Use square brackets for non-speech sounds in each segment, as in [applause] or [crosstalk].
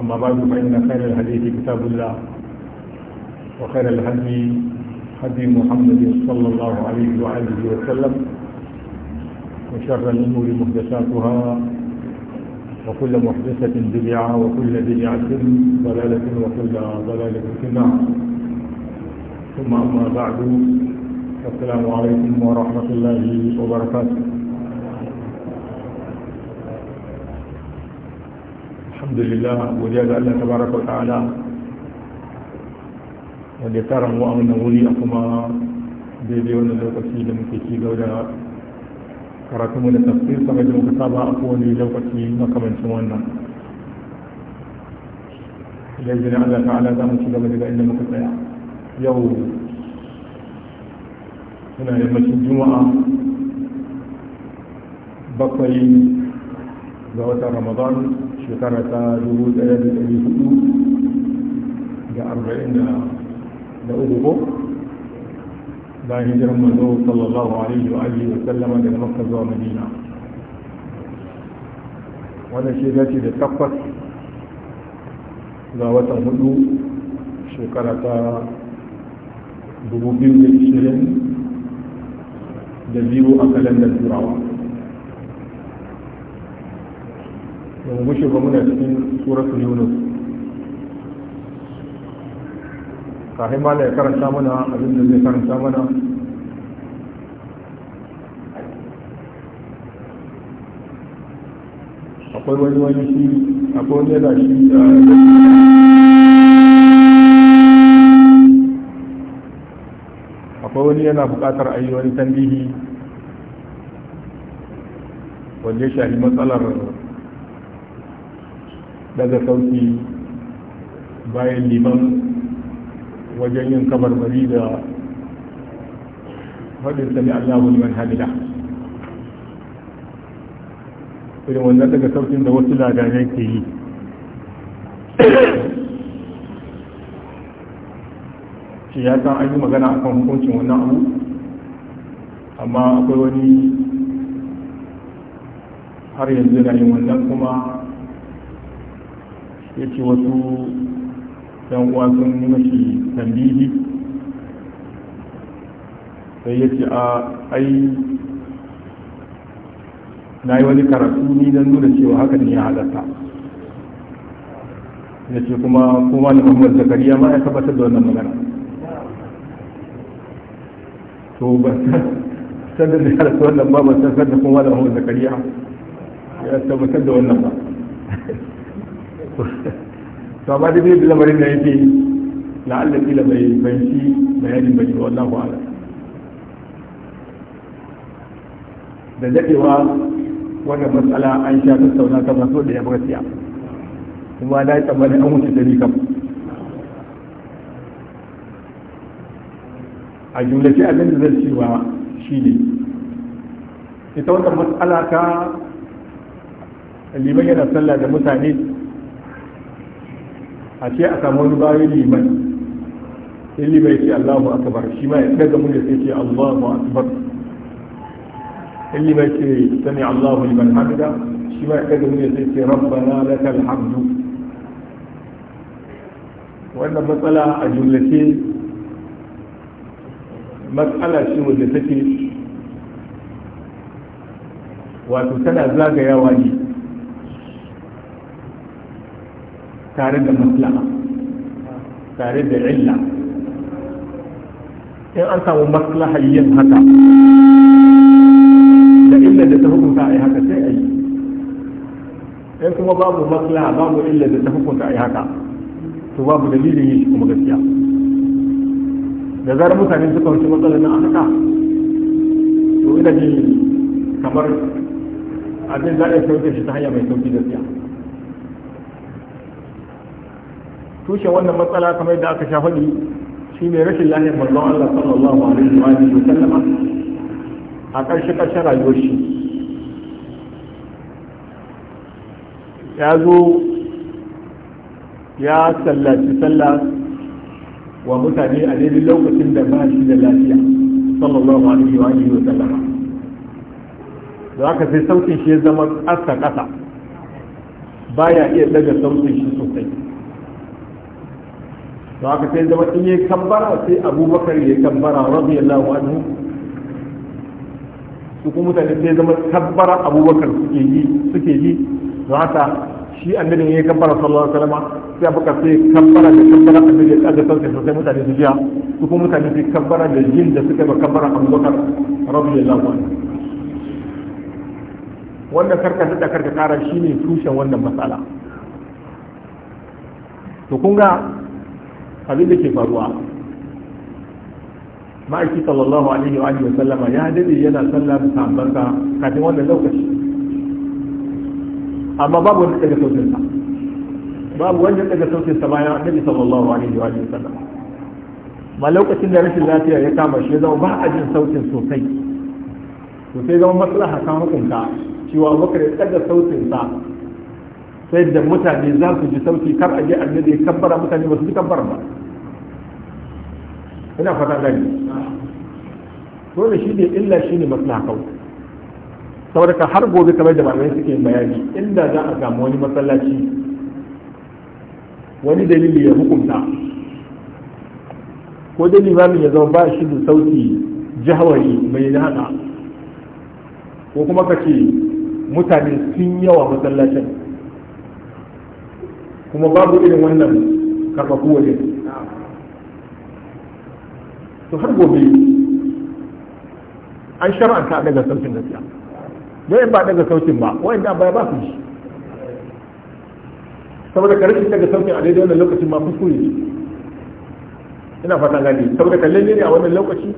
أما بعد فإن خير الحديث كتاب الله وخير الهدي هدي محمد صلى الله عليه وآله وسلم وشر الأمور محدثاتها وكل محدثة بدعة وكل بدعة ضلالة وكل ضلالة في النار ثم أما بعد السلام عليكم ورحمة الله وبركاته الحمد لله وجاد الله تبارك وتعالى يلي يعني ترى هو امن ولي اقما بيبي وانا لو كتشي لم كتشي جودا كراتم ولا تفسير كما جو كتابا اقول لي لو كتشي ما كمان سوانا يلي الله تعالى دام كتشي لما جدا انما كتايا يو هنا لما تشي جمعة بقي ذوات رمضان shekara ta dubu ɗaya da ɗari hudu da arba'in da uku ko bayan hijiran manzo sallallahu alaihi wa alihi da sallama daga makka zuwa madina wannan shekara ce da takwas ga watan hudu shekara ta dubu biyu da ishirin da biyu a kalandar turawa mun gushe ba muna cikin suratul yunus kafin ma ya karanta mana abin da zai karanta mana akwai wani wani shi akwai wani yana shi ah, akwai wani yana bukatar ayi wani tambihi wanda ya shafi matsalar daga sauki bayan liman wajen yin kabarbari da faɗin sami allahu liman hamida irin wannan daga saukin da wasu ladanai ke yi shi ya san an yi magana a kan hukuncin wannan abu amma akwai wani har yanzu yana yin wannan kuma ya ce wasu yan uwa sun yi mashi tambihi sai ya ce a ai na yi wani karatu ni don nuna cewa hakan ne ya halatta ya ce kuma kuma da muhammad zakariya ma ya tabbatar da wannan magana to ba san [laughs] da ya halatta wannan ba ba san da kuma da muhammad zakariya ya tabbatar da wannan ba to amma da biyu lamarin da yake la'alla kila bai bai shi bayanin bai wallahu ala da dadewa wannan matsala an sha tattauna ta maso da ya gaskiya kuma na tsammanin an wuce dari kam a jumlace abin da zai cewa shi ne ita wata matsala ta liman yana sallah da mutane a ce a samu wani bayan liman sai liman ya ce allahu akbar shi ma ya daga murya sai ce allahu akbar sai liman ya ce sami allahu liman hamida shi ma ya daga murya sai ce rabbana lakal hamdu wannan matsala a jumlace matsala ce wadda take wato tana zagayawa ne tare da maslaha tare da illa in an samu maslaha yin haka da illa da ta hukunta a yi haka sai a yi in kuma babu maslaha babu illa da ta hukunta a yi haka to babu dalilin yin shi kuma gaskiya da zarar mutane suka wuce matsalar nan a haka to ina jin kamar abin za a sauke shi ta hanya mai sauki gaskiya tushen wannan matsala kamar yadda aka sha faɗi ne rashin lahiyar manzon Allah sallallahu alaihi wa alihi wa a ƙarshe ƙarshen rayuwar shi ya zo ya sallaci sallah wa mutane a daidai lokacin da ba shi da lafiya sallallahu alaihi wa alihi wa da aka sai sautin shi ya zama ƙasa ƙasa baya iya daga sautin shi su to haka sai zama in yayi kambara sai abubakar yayi kabbara radiyallahu anhu su kuma mutane sai zama kambara abubakar suke yi suke yi to haka shi annabi yayi kambara sallallahu alaihi wasallam sai abubakar sai kambara da kambara annabi ya kaga sauke sosai mutane su jiya su kuma mutane sai kambara da jin da suka ba kambara abubakar radiyallahu anhu wannan karkata da karkata shine tushen wannan matsala to kun ga abin da ke faruwa ma'aiki sallallahu alaihi wa sallama ya dade yana sallah da sahabbansa kafin wannan lokaci amma babu wanda daga sautinsa babu wanda daga sautinsa bayan annabi sallallahu alaihi wa sallama ma lokacin da rashin lafiya ya kama shi zama ba a jin sautin sosai to sai zama maslaha kan hukunta cewa bakar ya daga sautinsa ta yadda mutane za su ji sauki kar a je annabi ya kabbara mutane ba su ji kabbara ba ina fata gani dole shi ne illa shi ne masu kawai saboda ka har gobe kamar da malamai suke bayani inda za a samu wani masallaci wani dalili ya hukunta ko dai limamin ya zama ba shi da sauki jihawari mai nada ko kuma ka ce mutane sun yawa masallacin kuma babu irin wannan karfafu waje to har gobe an shar'anta daga sautin gaskiya don ba daga sautin ba wayan da baya ba su shi saboda ka daga sautin a daidai wannan lokacin ma kuskure ina fata gani saboda ka ne a wannan lokaci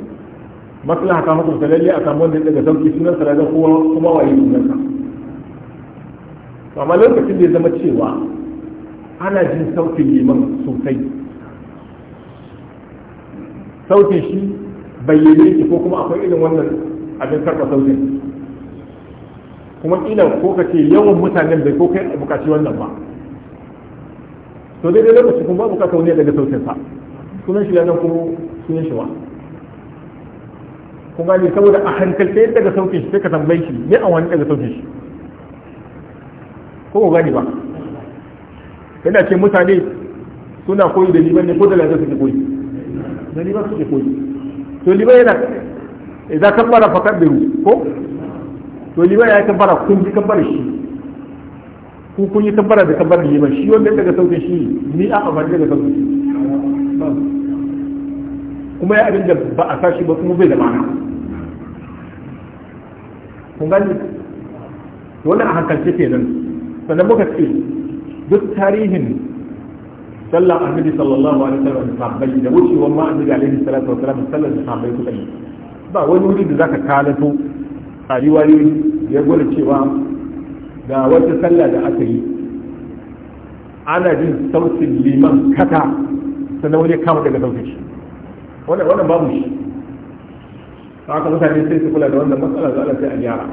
maslaha haka hukunta lalle a samu wanda daga sauki sunan sarari kuma waye sunan sa amma lokacin da ya zama cewa ana jin sautin liman sosai sautin shi bayyane shi ko kuma akwai irin wannan abin karɓa sautin kuma ƙila ko ka ce yawan mutanen bai ko kai bukaci wannan ba to dai lokaci kuma babu kasa wani daga sautin sa sunan shi nan kuma sunan shi wa kuma ne saboda a hankalce daga sautin shi sai ka tambaye shi ne a wani daga sautin shi ko gani ba yana ce mutane suna koyi da liman ne ko da lafiya suke koyi da liman suke koyi to liman yana idan kabbara da kabbiru ko to liman ya kan fara kun ji fara shi ku kun yi kabbara da da liman shi wanda daga sautin shi ni a amfani daga sautin shi kuma ya abin da ba a sashi ba kuma bai da ma'ana kun gani wannan a hankalce nan sannan muka ce duk tarihin sallar annabi sallallahu alaihi wasallam da sahabbai da wucewar ma annabi alaihi salatu wasallam sallar da sahabbai suka yi ba wani wuri da zaka kalato a riwayoyi ya gwada cewa ga wata sallah da aka yi ana jin sautin liman kata sannan wani kama daga sautin shi wannan babu shi haka mutane sai su kula da wannan matsala da Allah sai a gyara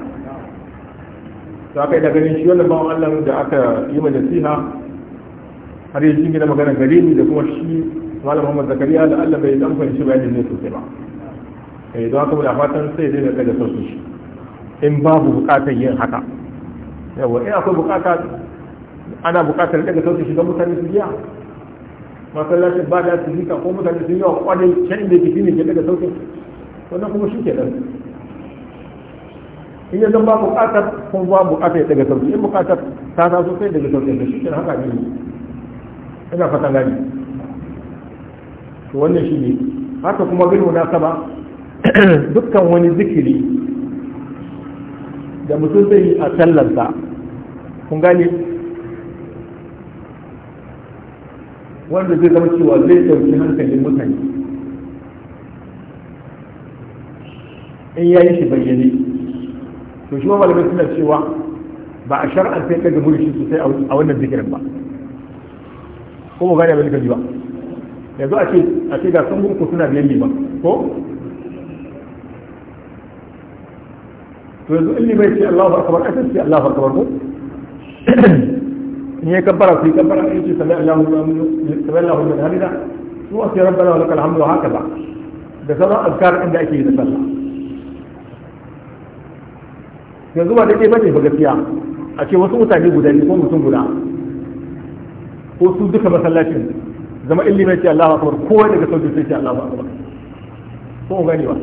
to aka yi da ganin shi wannan bawan Allah da aka yi ma nasiha har yi shi gina magana gare ni da kuma shi malam Muhammad Zakariya da Allah bai dan fahimci bayanin ne sosai ba eh don haka muna fatan sai dai daga da sosu shi in babu bukatar yin haka yawa eh akwai bukata ana bukatar daga sosu shi don mutane su biya masallacin ba da su zika ko mutane su yi wa kwanin can da jiki ne ke daga sautin wannan kuma shi ke ɗan in ya zama buƙatar kun zuwa buƙatar ya daga sauki in buƙatar ta taso sai daga sauki da shi kenan haka ne ina fatan gani to wannan shi ne haka kuma bin sama [clears throat] dukkan wani zikiri da mutum zai yi a sallarsa kun gane wanda zai zama cewa zai ɗauki hankalin mutane in ya yi shi bayyane to shi malamai suna cewa ba a shar'ar sai daga sosai a wannan zikirin ba ko mu gane abin da ji ba yanzu a ce a ce ga sun gurku suna biyan liman ko to yanzu in liman ce Allahu akbar a sai Allahu akbar ko in ya kabbara kabbara in ce sami sami su wasu wa lakal hamdu haka ba da sauran azkar inda ake yi da sallah yanzu ba daidai bane ba gaskiya a ce wasu mutane guda ne ko mutum guda ko su duka masallacin zama ilimi ce Allah akbar ko daga sauki sai ce Allah akbar ko gani ba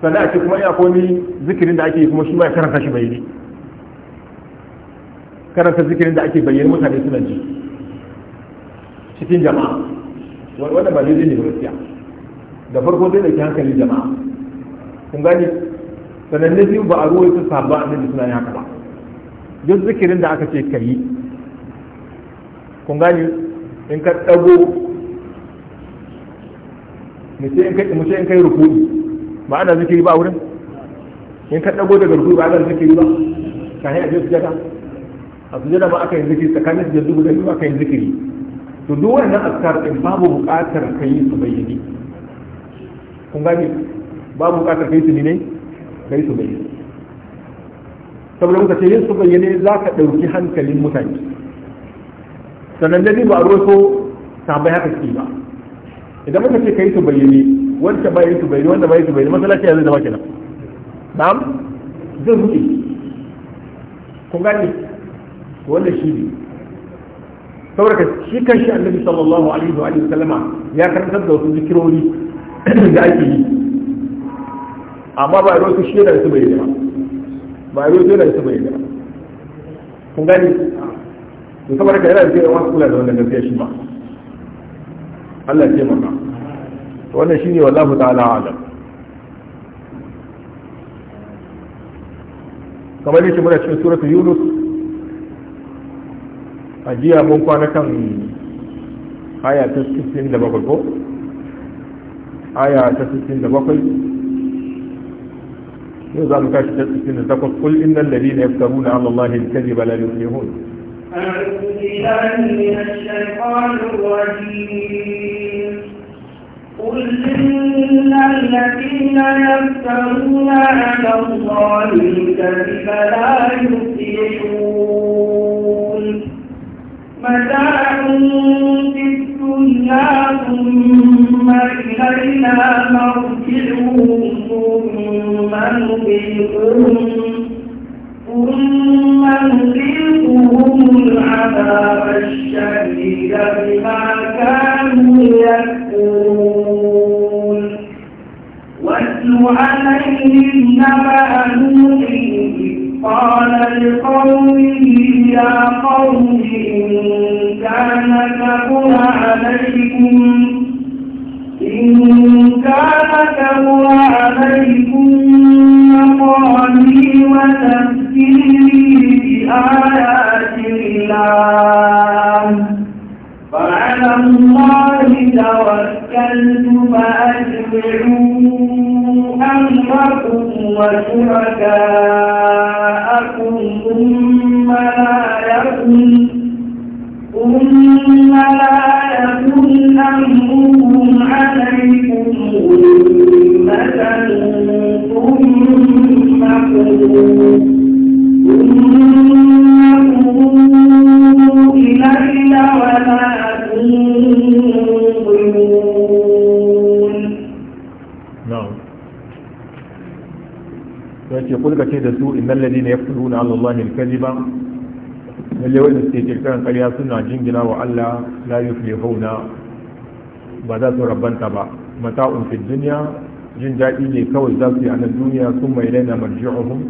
sannan a ce kuma ya komi zikirin da ake kuma shi ma ya karanta shi bayani karanta zikirin da ake bayyana mutane suna ji cikin jama'a wannan ba zai ne gaskiya da farko zai ke hankali jama'a kun gani sannan na biyu ba a ruwa su sabba da suna yaka haka ba duk zikirin da aka ce ka yi kun gani in ka ɗago ce in kai rukuni ba ana zikiri ba wurin in ka ɗago daga rukuni ba ana zikiri ba ka yi a je a a sujada ba aka yi zikiri tsakanin sujadu guda biyu aka yi zikiri to duk wannan askar ɗin babu buƙatar ka yi su bayyane kun gani ba mu bukatar kai su ne kai su bayyane saboda muka ce yin su bayyane za ka ɗauki hankalin mutane sannan da ba a roso sabai haka ke ba idan muka ce kai su bayyane wanda ba yi su bayyane wanda ba yi su bayyane masallaci ya zai zama kenan na'am zai rufe kun gane wanda shi ne saboda shi kan shi annabi sallallahu alaihi wa sallama ya karantar da wasu zikirori da ake yi amma ba ruwa shi da su bai da ba ruwa da su bai da kun gani to saboda ka yana da cewa wasu kula da wannan gaskiya shi ba Allah ya taimaka to wannan shine wallahu ta'ala alam kamar yake muna cikin suratu yunus a jiya mun kwana kan aya ta 67 ko aya ta 67 إذا مكاش تسكين تقول قل إن الذين يفترون على الله الكذب لا يفلحون أعوذ بالله من الشيطان الرجيم قل إن الذين يفترون على الله الكذب لا يفلحون متاع في الدنيا ثم إلينا مرجعون ثم نذيقهم ثم نذيقهم العذاب الشديد بما كانوا يكفرون واتل عليهم نبأ نوح قال لقومه شركاء ce da su innal ladina yaquluna ala allahi al ba lalle wanda suke kirkiran karya suna jingina wa Allah la yuflihuna ba za su rabanta ba mata fi duniya jin daɗi ne kawai za su yi a nan duniya sun mai raina marji'uhum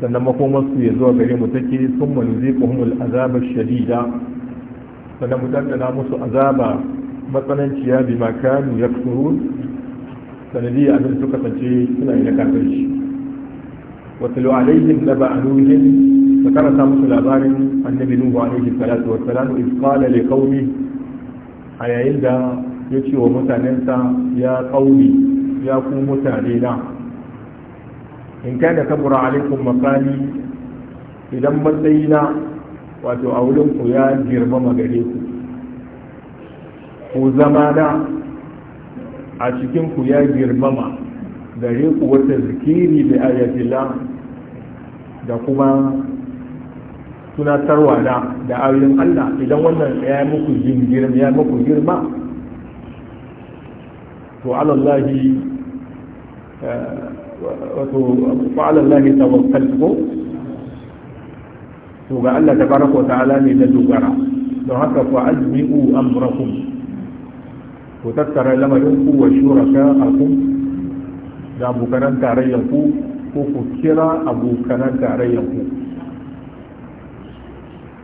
sannan makomar ya zuwa gare mu take sun mai nuziquhum al'azaba shadida sannan mu dandana musu azaba matsananciya bi ma kanu yakfurun sanadi abin suka kasance suna yi na shi. واتلو عليهم نبأ نوح فكان سامس الأبار النبي نوح عليه الصلاة والسلام إذ قال لقومه أيا يلدى يتشي ومتاننسا يا قومي يا قوم متانينا إن كان كبر عليكم مقالي إذا متينا وتعولنكم يا جرم مغريكم ku zama na a cikinku ya girmama gare ku wata zikiri da ayatila da kuma tunatarwa da da ayoyin Allah idan wannan ya yi muku jingirin ya yi muku girma to alallahi eh, wato fa'alallahi tawakkal ko to ga Allah tabaraka wa ta'ala ne na dogara don haka fa azmi'u amrakum ku tattara lamarin ku wa shuraka akum da abokanan tarayyan ku كوكو كرا أبو كنادة عليه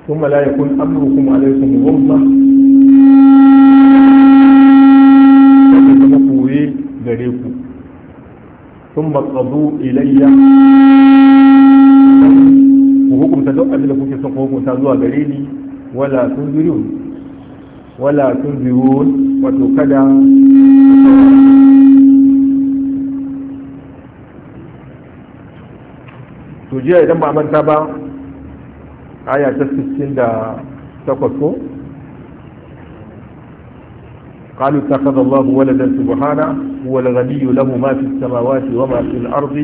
ثم لا يكون أمركم عليكم غمة ثم قضوا إلي وهكم تدعوا أبدا كوكي سنقوا وهكم تدعوا ذريني ولا تنذرون ولا تنذرون وتكدع وتكدع to jiya idan ba manta ba aya ta 68 ko قالوا اتخذ الله ولدا سبحانه هو الغني له ما في السماوات وما في الارض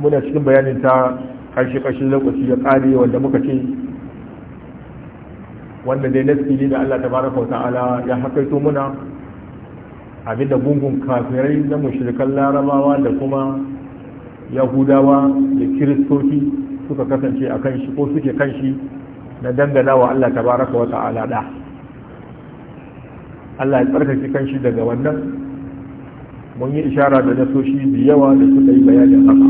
من cikin bayanin ta kashi kashi lokaci ya kare wanda muka ce wanda dai nasibi ne da Allah tabaraka wa ta'ala ya hakaito muna abinda gungun kafirai na mashirkan larabawa da kuma yahudawa da kiristoci suka kasance a kan shi ko suke kan shi na dangana wa Allah ta wa ta'ala da Allah ya tsarkake kan shi daga wannan mun yi ishara da nasoshi da yawa da suka yi bayanin haka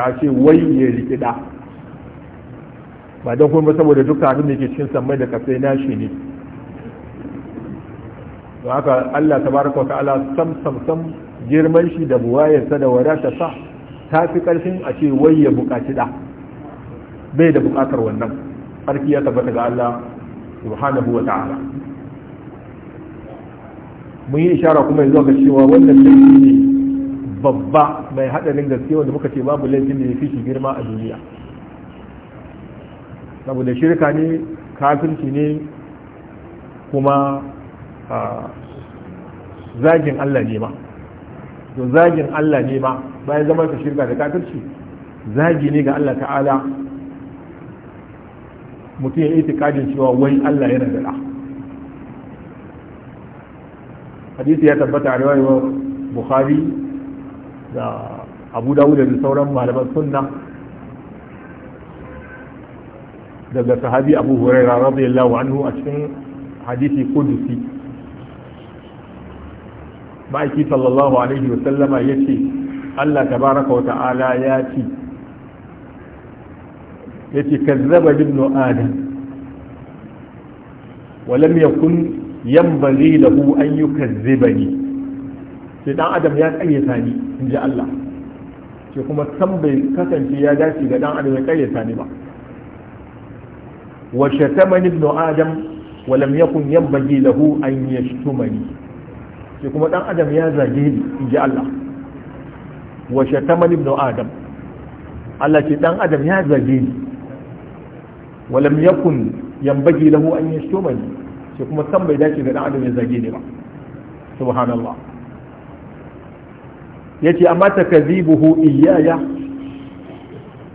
da ce wai ya rikida ba don kuma saboda duk abin da ke cikin samai da kasai na shi ne don haka Allah tabaraka wa ta'ala sam sam sam girman shi da buwayarsa da wadata sa ta fi karfin a ce wai ya bukaci da bai da bukatar wannan ƙarfi ya tabbata ga Allah subhanahu wa ta'ala mun yi ishara kuma yanzu ga cewa wannan ne babba mai hadarin gaske wanda muka ce babu laifin da ya fi shi girma a duniya saboda shirka ne kafinci ne kuma zagin Allah ne ma to zagin Allah ne ma bayan zama ka shirka da kafinci zagi ne ga Allah ta'ala mutum ya itikadin cewa wai Allah yana da da hadisi ya tabbata a riwayar bukhari da abu dawud da sauran malaman sunna daga sahabi abu huraira radiyallahu anhu a cikin hadisi kudusi ma'aiki sallallahu alaihi sallama ya ce allah tabaraka wa ta'ala ya ce ya ce kazzaba ibn adam lam yakun yanbali lahu an yukazzibani sai dan adam ya karyata ni in ji Allah Sai kuma san bai kasance ya dace ga dan adam ya karyata ni ba wa shatamani ibn adam wa lam yakun yanbaghi lahu an yashtumani Sai kuma dan adam ya zage ni in ji Allah wa shatamani ibn adam Allah ce dan adam ya zage ni wa lam yakun yanbaghi lahu an yashtumani Sai kuma san bai dace ga dan adam ya zage ni ba subhanallah yace amma takzibuhu iyaya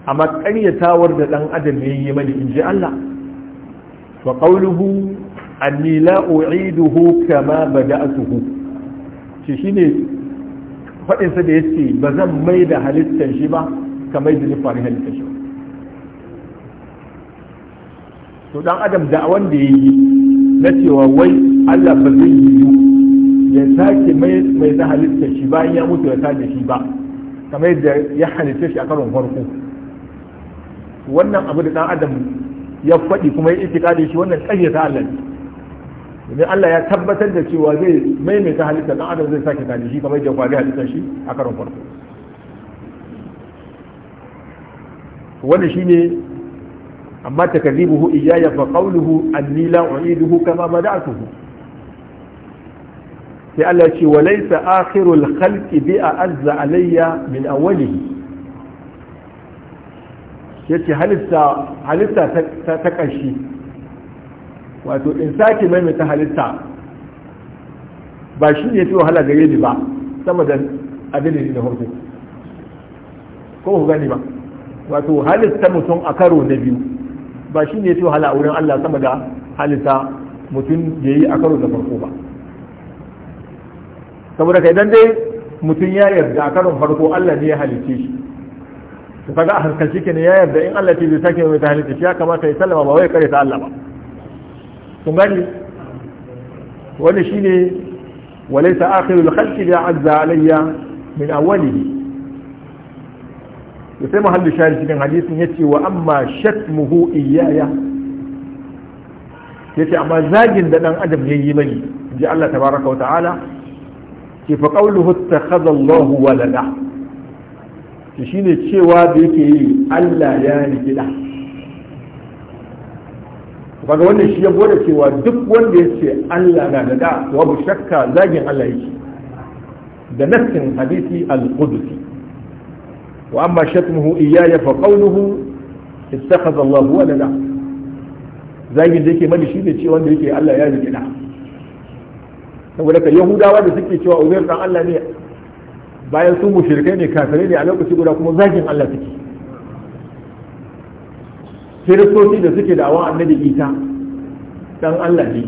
amma ƙaryatawar da ɗan adam yayi mani inji Allah wa qawluhu anni la kama bada'tuhu shi shine fadin sa da yace bazan mai da halittar shi ba kamar da ni fari halittar shi to dan adam da wanda yayi na cewa wai Allah ba zai yi ya sake mai na halitta shi bayan ya mutu ya sake shi ba kamar yadda ya halitta shi a karon farko wannan abu da dan adam ya faɗi kuma ya itikadi shi wannan ƙarya ta Allah domin Allah ya tabbatar da cewa zai maimaita halitta dan adam zai sake kare shi kamar yadda ya faɗi halitta shi a karon farko wannan shine amma takadibuhu iyaya fa qawluhu annila u'iduhu kama bada'tuhu sai Allah ce wa laysa akhirul khalqi bi azza alayya min awwalihi yace halitta halitta ta ta kashi wato in sake mai ta halitta ba shi ne fi wahala gare ni ba sama da abin da na ko ku gani ba wato halitta mutum a karo na biyu ba shi ne fi wahala a wurin Allah sama da halitta mutum da yi a karo da farko ba saboda ka idan dai mutum ya yarda a karin farko Allah ne ya halice shi ka kaga a harkarci ne ya yarda in Allah ce zai sake mai ta halice shi ya kamata ya sallama ba wai kare ta Allah ba kun gani wani shine walaysa akhirul khalqi ya azza alayya min awwalihi da sai mahallu shari cikin hadisin ya ce wa amma shatmuhu iyaya ya ce amma zagin da dan adam ya yi mani ji Allah tabaraka wa ta'ala ke fa qawluhu ittakhadha Allah walada shi ne cewa da yake yi Allah ya riki da kaga wannan shi ya gode cewa duk wanda ya ce Allah na da da babu shakka zagin Allah yake da nassin hadisi al-qudsi wa amma shatmuhu iyaya fa ta ittakhadha Allah walada zagin da yake mani shi ne cewa wanda yake Allah ya riki da saboda ka yahudawa da suke cewa uzair dan Allah ne bayan su mushrikai ne kafirai ne a lokaci guda kuma zagin Allah suke kiristoci da suke da'awa annabi isa dan Allah ne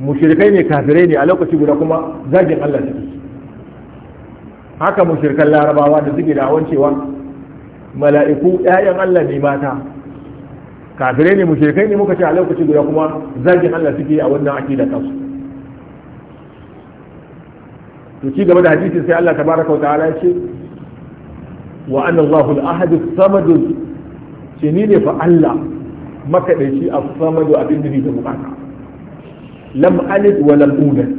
mushrikai ne kafirai ne a lokaci guda kuma zagin Allah suke haka mushrikan larabawa da suke da cewa mala'iku ƴaƴan Allah ne mata kafirai ne mushrikai ne muka ce a lokaci guda kuma zagin Allah suke a wannan akida kansu to ci gaba da hadisi sai Allah tabaraka wa ta'ala ya ce wa anna Allahu al-ahad as-samad ce ni ne fa Allah makadaici as-samad abin da da bukata lam alid wa lam ulad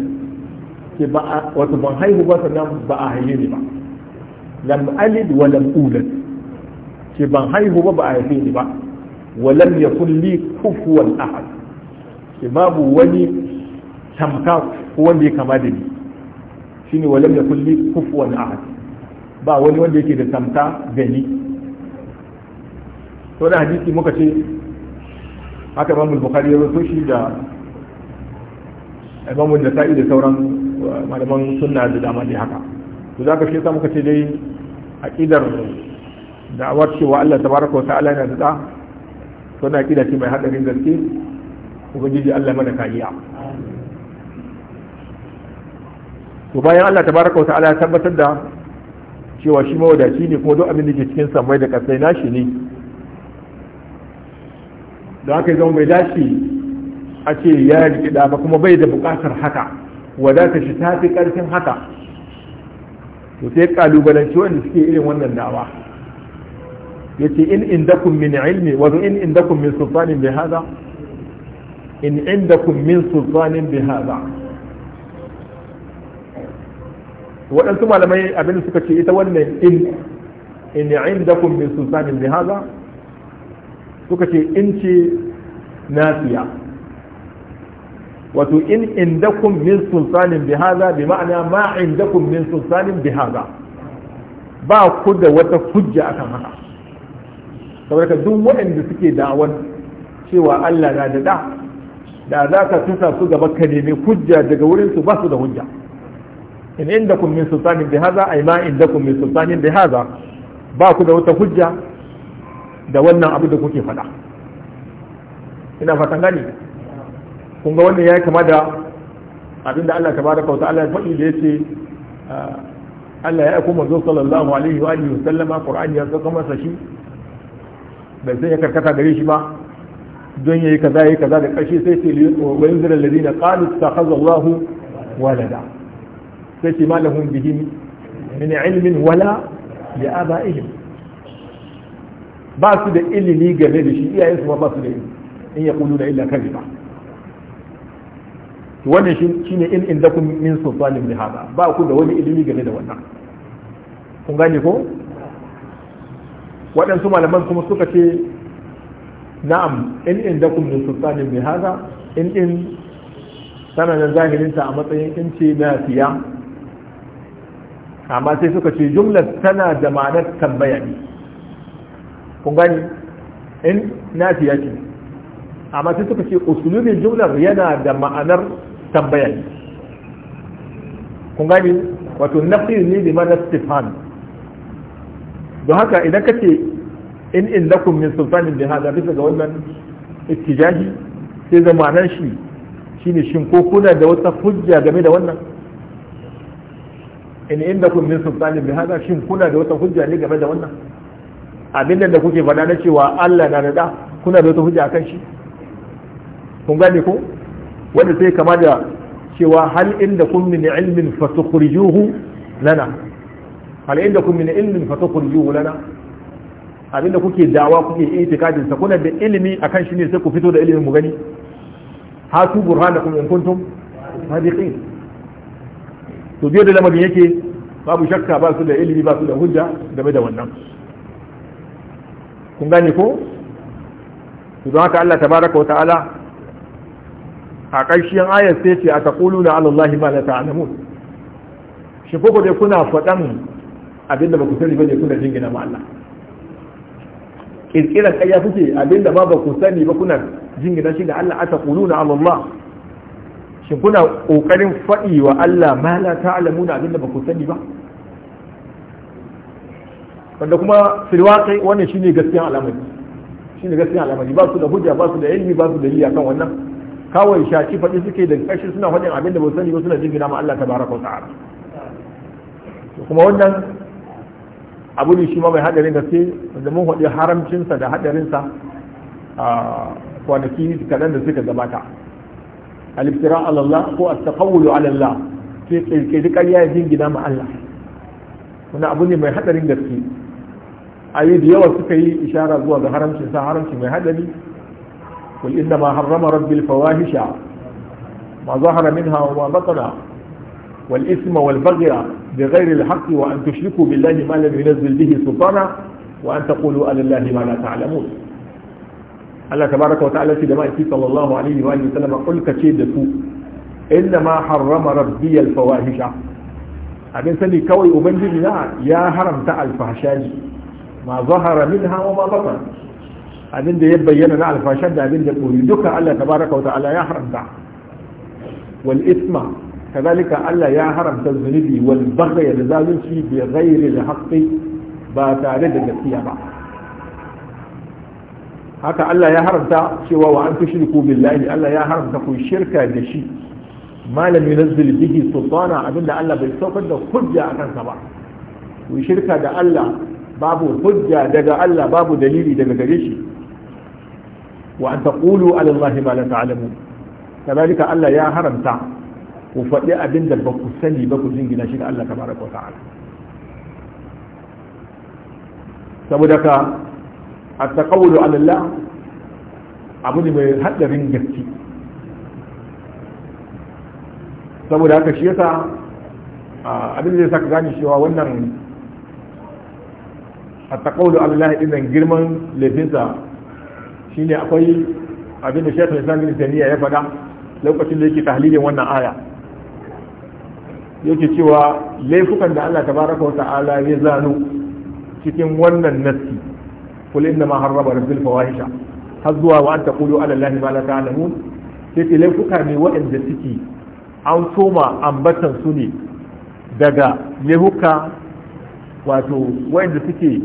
ke ba wato ban haihu ba sannan ba a haife ni ba lam alid wa lam ulad ke ban haihu ba ba a haife ni ba wa lam yakul li kufuwan ahad ke babu wani tamka ko wanda ya kama da ni shine lam yakul li kufuwan ahad ba wani wanda yake da tamta gani to da hadisi muka ce haka Imam Bukhari ya rawaito shi da Imam Nasa'i da sauran uh, malaman sunna da dama ne haka to zaka shi yasa muka ce dai aqidar da'awar cewa Allah tabaraka wa ta'ala yana da da to na aqida ce mai hadarin gaske ubangiji Allah mana kariya to bayan Allah tabaraka wa ta'ala ya tabbatar da cewa shi mawadaci ne kuma duk abin da ke cikin samai da kasai nashi ne da aka yi zama mai dace a ce ya rikida ba kuma bai da bukatar haka wadata shi ta fi karfin haka to sai kalubalanci wanda suke irin wannan dawa ya ce in kun min ilmi wazo in indakum min sultanin bi hada in min sultanin bi hada waɗansu malamai abin suka ce ita wannan in in indakum min sultanin haza suka ce in ce nasiya wato in indakum min sultanin bihaza bi ma'ana ma in indakum min sultanin bihaza ba ku da wata hujja akan haka saboda duk waɗanda suke da'awan cewa Allah na da da da za ka tusa su gaba ka nemi hujja daga wurin su ba su da hujja in inda kun min sultanin bi haza ai ma inda kun min sultanin bi haza ba ku da wata hujja da wannan abu da kuke faɗa ina fatan gani kun ga wannan ya kama da abin da Allah tabaraka wa ta'ala ya faɗi da yace ah, Allah ya aiko manzo sallallahu alaihi wa alihi sallama Qur'ani ya saka masa shi bai sai ya karkata gare shi ba don yayi kaza yayi kaza da kashi sai ce wa yanzura alladhina qalu takhazallahu walada sai ce malahun bihi min ilmin wala ya aba ilim ba su da ilimi game da shi iyayen su ma ba su da ilimi in ya kulu da illa kari ba wannan shi ne in inda kun min sultanin da haɗa ba ku da wani ilimi game da wannan kun gane ko waɗansu malaman kuma suka ce na'am in inda kun min sultanin da haɗa in in tana zahirinta a matsayin in ce na siya amma sai suka ce jumlar tana da ma'anar tambaya ne kun gani in na fi ce amma sai suka ce usulubin jumlar yana da ma'anar tambaya ne kun gani wato nafi ne da mana stefan don haka idan ka ce in in lakum min sultanin da hada bisa ga wannan ittijahi sai zamanan shi shine shin ko kuna da wata hujja game da wannan in kun min sultanin bi hada shin kuna da wata hujja ne game da wannan abin da kuke faɗa na cewa Allah na da kuna da wata hujja akan shi kun gane ko wanda sai kama da cewa hal inda kun min ilmin tukhrijuhu lana hal inda kun min ilmin tukhrijuhu lana abinda kuke dawa kuke itikadin sa kuna da ilimi akan shi ne sai ku fito da ilimin mu gani su burhanakum in kuntum sadiqin to biyar da lamarin yake babu shakka ba su da ilimi ba su da hujja game da wannan kun gane ko to don haka Allah tabaraka wa ta'ala a ƙarshen ayar sai ce a taquluna na Allah ma la ta'lamun shi ko dai kuna faɗan abinda ba ku sani ba ne kuna jingina ma Allah kirkiran ƙarya kuke abinda ma ba ku sani ba kuna jingina shi da Allah a taquluna na Allah shi kuna ƙoƙarin faɗi wa Allah ma la ta'lamu na abinda ba ku sani ba wanda kuma silwaƙi wannan shine gaskiyan al'amari shine gaskiyan al'amari ba su da hujja ba su da ilimi ba su da liya kan wannan kawai shaci faɗi suke da ƙarshe suna faɗin abinda ba su sani ba suna jingina ma Allah tabaraka wa ta'ala kuma wannan abu ne shi ma mai hadarin gaske da mun haɗe haramcinsa da hadarinsa a ah, kwanaki kaɗan da suka gabata الافتراء على الله هو التقول على الله في كذلك يا دين جدا مع الله هنا أبني ما يحدر عند في أي ديوة سكي إشارة هو بحرم شنسا ما شنسا حرم قل إنما حرم رب الفواهش ما ظهر منها وما بطن والإثم والبغي بغير الحق وأن تشركوا بالله ما لم ينزل به سلطانا وأن تقولوا على الله ما لا تعلمون Allah tabaraka wa ta'ala ce da ma'aiki sallallahu alaihi wa sallam kulka ce da su inna ma harrama rabbi al-fawahisha abin sani kawai ubangiji na ya haramta alfasha ne ma zahara minha wa ma batana abin da ya bayyana na alfasha da abin da koyi duka Allah tabaraka wa ta'ala ya haramta wal isma kadalika Allah ya haramta zunubi wal baghy da zalunci bi ghairi al-haqqi ba tare da gaskiya ba haka Allah ya haramta cewa wa an tushriku billahi Allah ya haramta ku shirka da shi malam yunazzil bihi sultana abinda Allah bai saukar da hujja akan sa ba ku shirka da Allah babu hujja daga Allah babu dalili daga gare shi wa an taqulu ala Allah ma la ta'lamun kadalika Allah ya haramta ku faɗi abinda ba ku sani ba ku jingina shi ga Allah tabaraka wa ta'ala saboda ka a taƙawulu alallah abu ne mai haɗarin gaske saboda haka shi yasa abin da ya saka gani cewa wannan a taƙawulu alallah ɗin girman laifinsa shi ne akwai abin da shekul islam bin taniya ya faɗa lokacin da yake tahlilin wannan aya yake cewa laifukan da Allah tabaraka wa ta'ala ya zano cikin wannan nassi kul inna ma harrama rabbil fawahisha har zuwa wa an taqulu ala allahi ma la ta'lamun sai ce kuka ne waɗanda suke an soma ambatan su ne daga laifuka wato waɗanda suke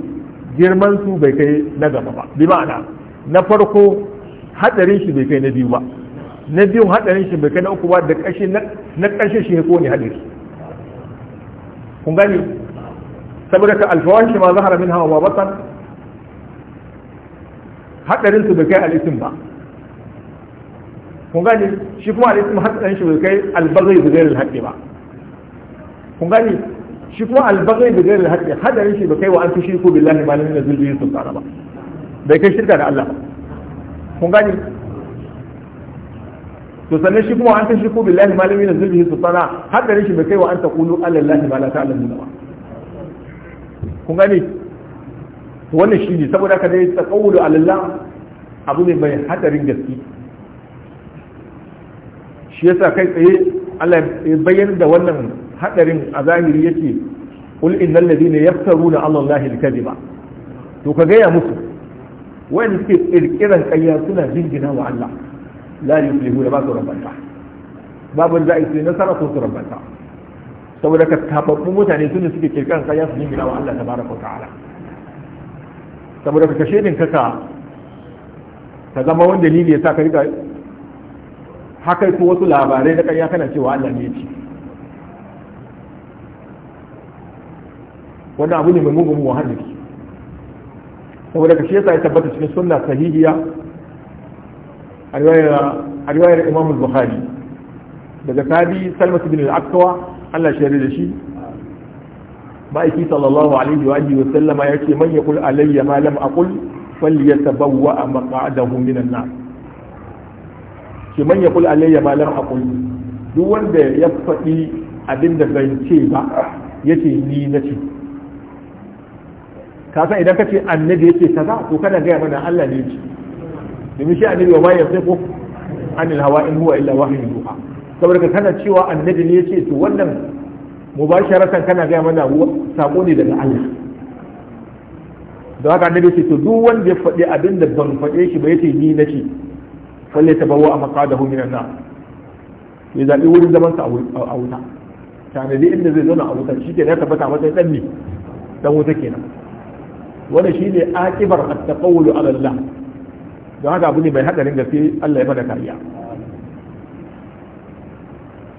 girman su bai kai na gaba ba bi ma'ana na farko hadarin shi bai kai na biyu ba na biyu hadarin shi bai kai na uku ba da ƙarshe na ƙarshe shi ya kone hadari kun gani saboda ka alfawashi ma zahara min hawa batan hadarin su bai kai alisin ba kun gani shi kuma alisin hadarin shi bai kai albazai da gairin haƙƙi ba kun gani shi kuma albazai da gairin haƙƙi hadarin shi bai kai wa an fi shirku billahi ma lam yanzil bihi tsara ba bai kai shirka da Allah kun gani to sannan shi kuma an ta shi ko billahi malami na zulmihi sultana har da shi bai kai wa an taqulu ala allahi ma la ta'lamuna ba kun gani wannan shi ne saboda ka dai tsakawulu alallah abu ne mai hadarin gaske shi yasa kai tsaye Allah ya bayyana da wannan hadarin a zahiri yake qul innal ladina yaftaruna ala allahi al-kadhiba to ka gaya musu wanda suke kirkiran ƙarya suna jingina wa Allah la yuflihu da ba su rabanta babu za a yi sarafu ko su rabanta saboda ka tababbun mutane sune suke kirkiran ƙarya su jingina wa Allah tabaraka wa ta'ala saboda ka kashe ɗin kaka ka zama wani dalili ya sa ka riga haka ko wasu labarai na ƙarya kana cewa Allah ne ce wannan abu ne mai mugun muhalliki saboda ka shesa ya tabbata cikin sunna sahihiya a riwayar buhari Bukhari daga sabi Salmas bin al Allah shi da shi ma'aiki sallallahu alaihi wa sallama ya ce man yaqul alayya ma lam aqul falyatabawwa maq'adahu minan nar shi man yaqul alayya ma lam aqul duk wanda ya faɗi abin da ban ce ba yace ni na ce ka san idan ka ce annabi yace kaza to kana gaya mana Allah ne ce domin shi annabi wa ma ko anil hawa in huwa illa wahyun yuha saboda kana cewa annabi ne yace to wannan mubasharatan kana gaya mana sako ne daga Allah da haka annabi ce to duk wanda ya faɗi abin da ban faɗe shi ba yace ni nace falle tabawa a maqadahu minan nar ya zabi wurin zaman sa a wuta tanadi inda zai zauna a wuta shi shike ya tabbata masa dan ne dan wuta kenan wannan shine akibar at-taqawlu ala Allah don haka abu ne mai hadarin gaske Allah ya mana kariya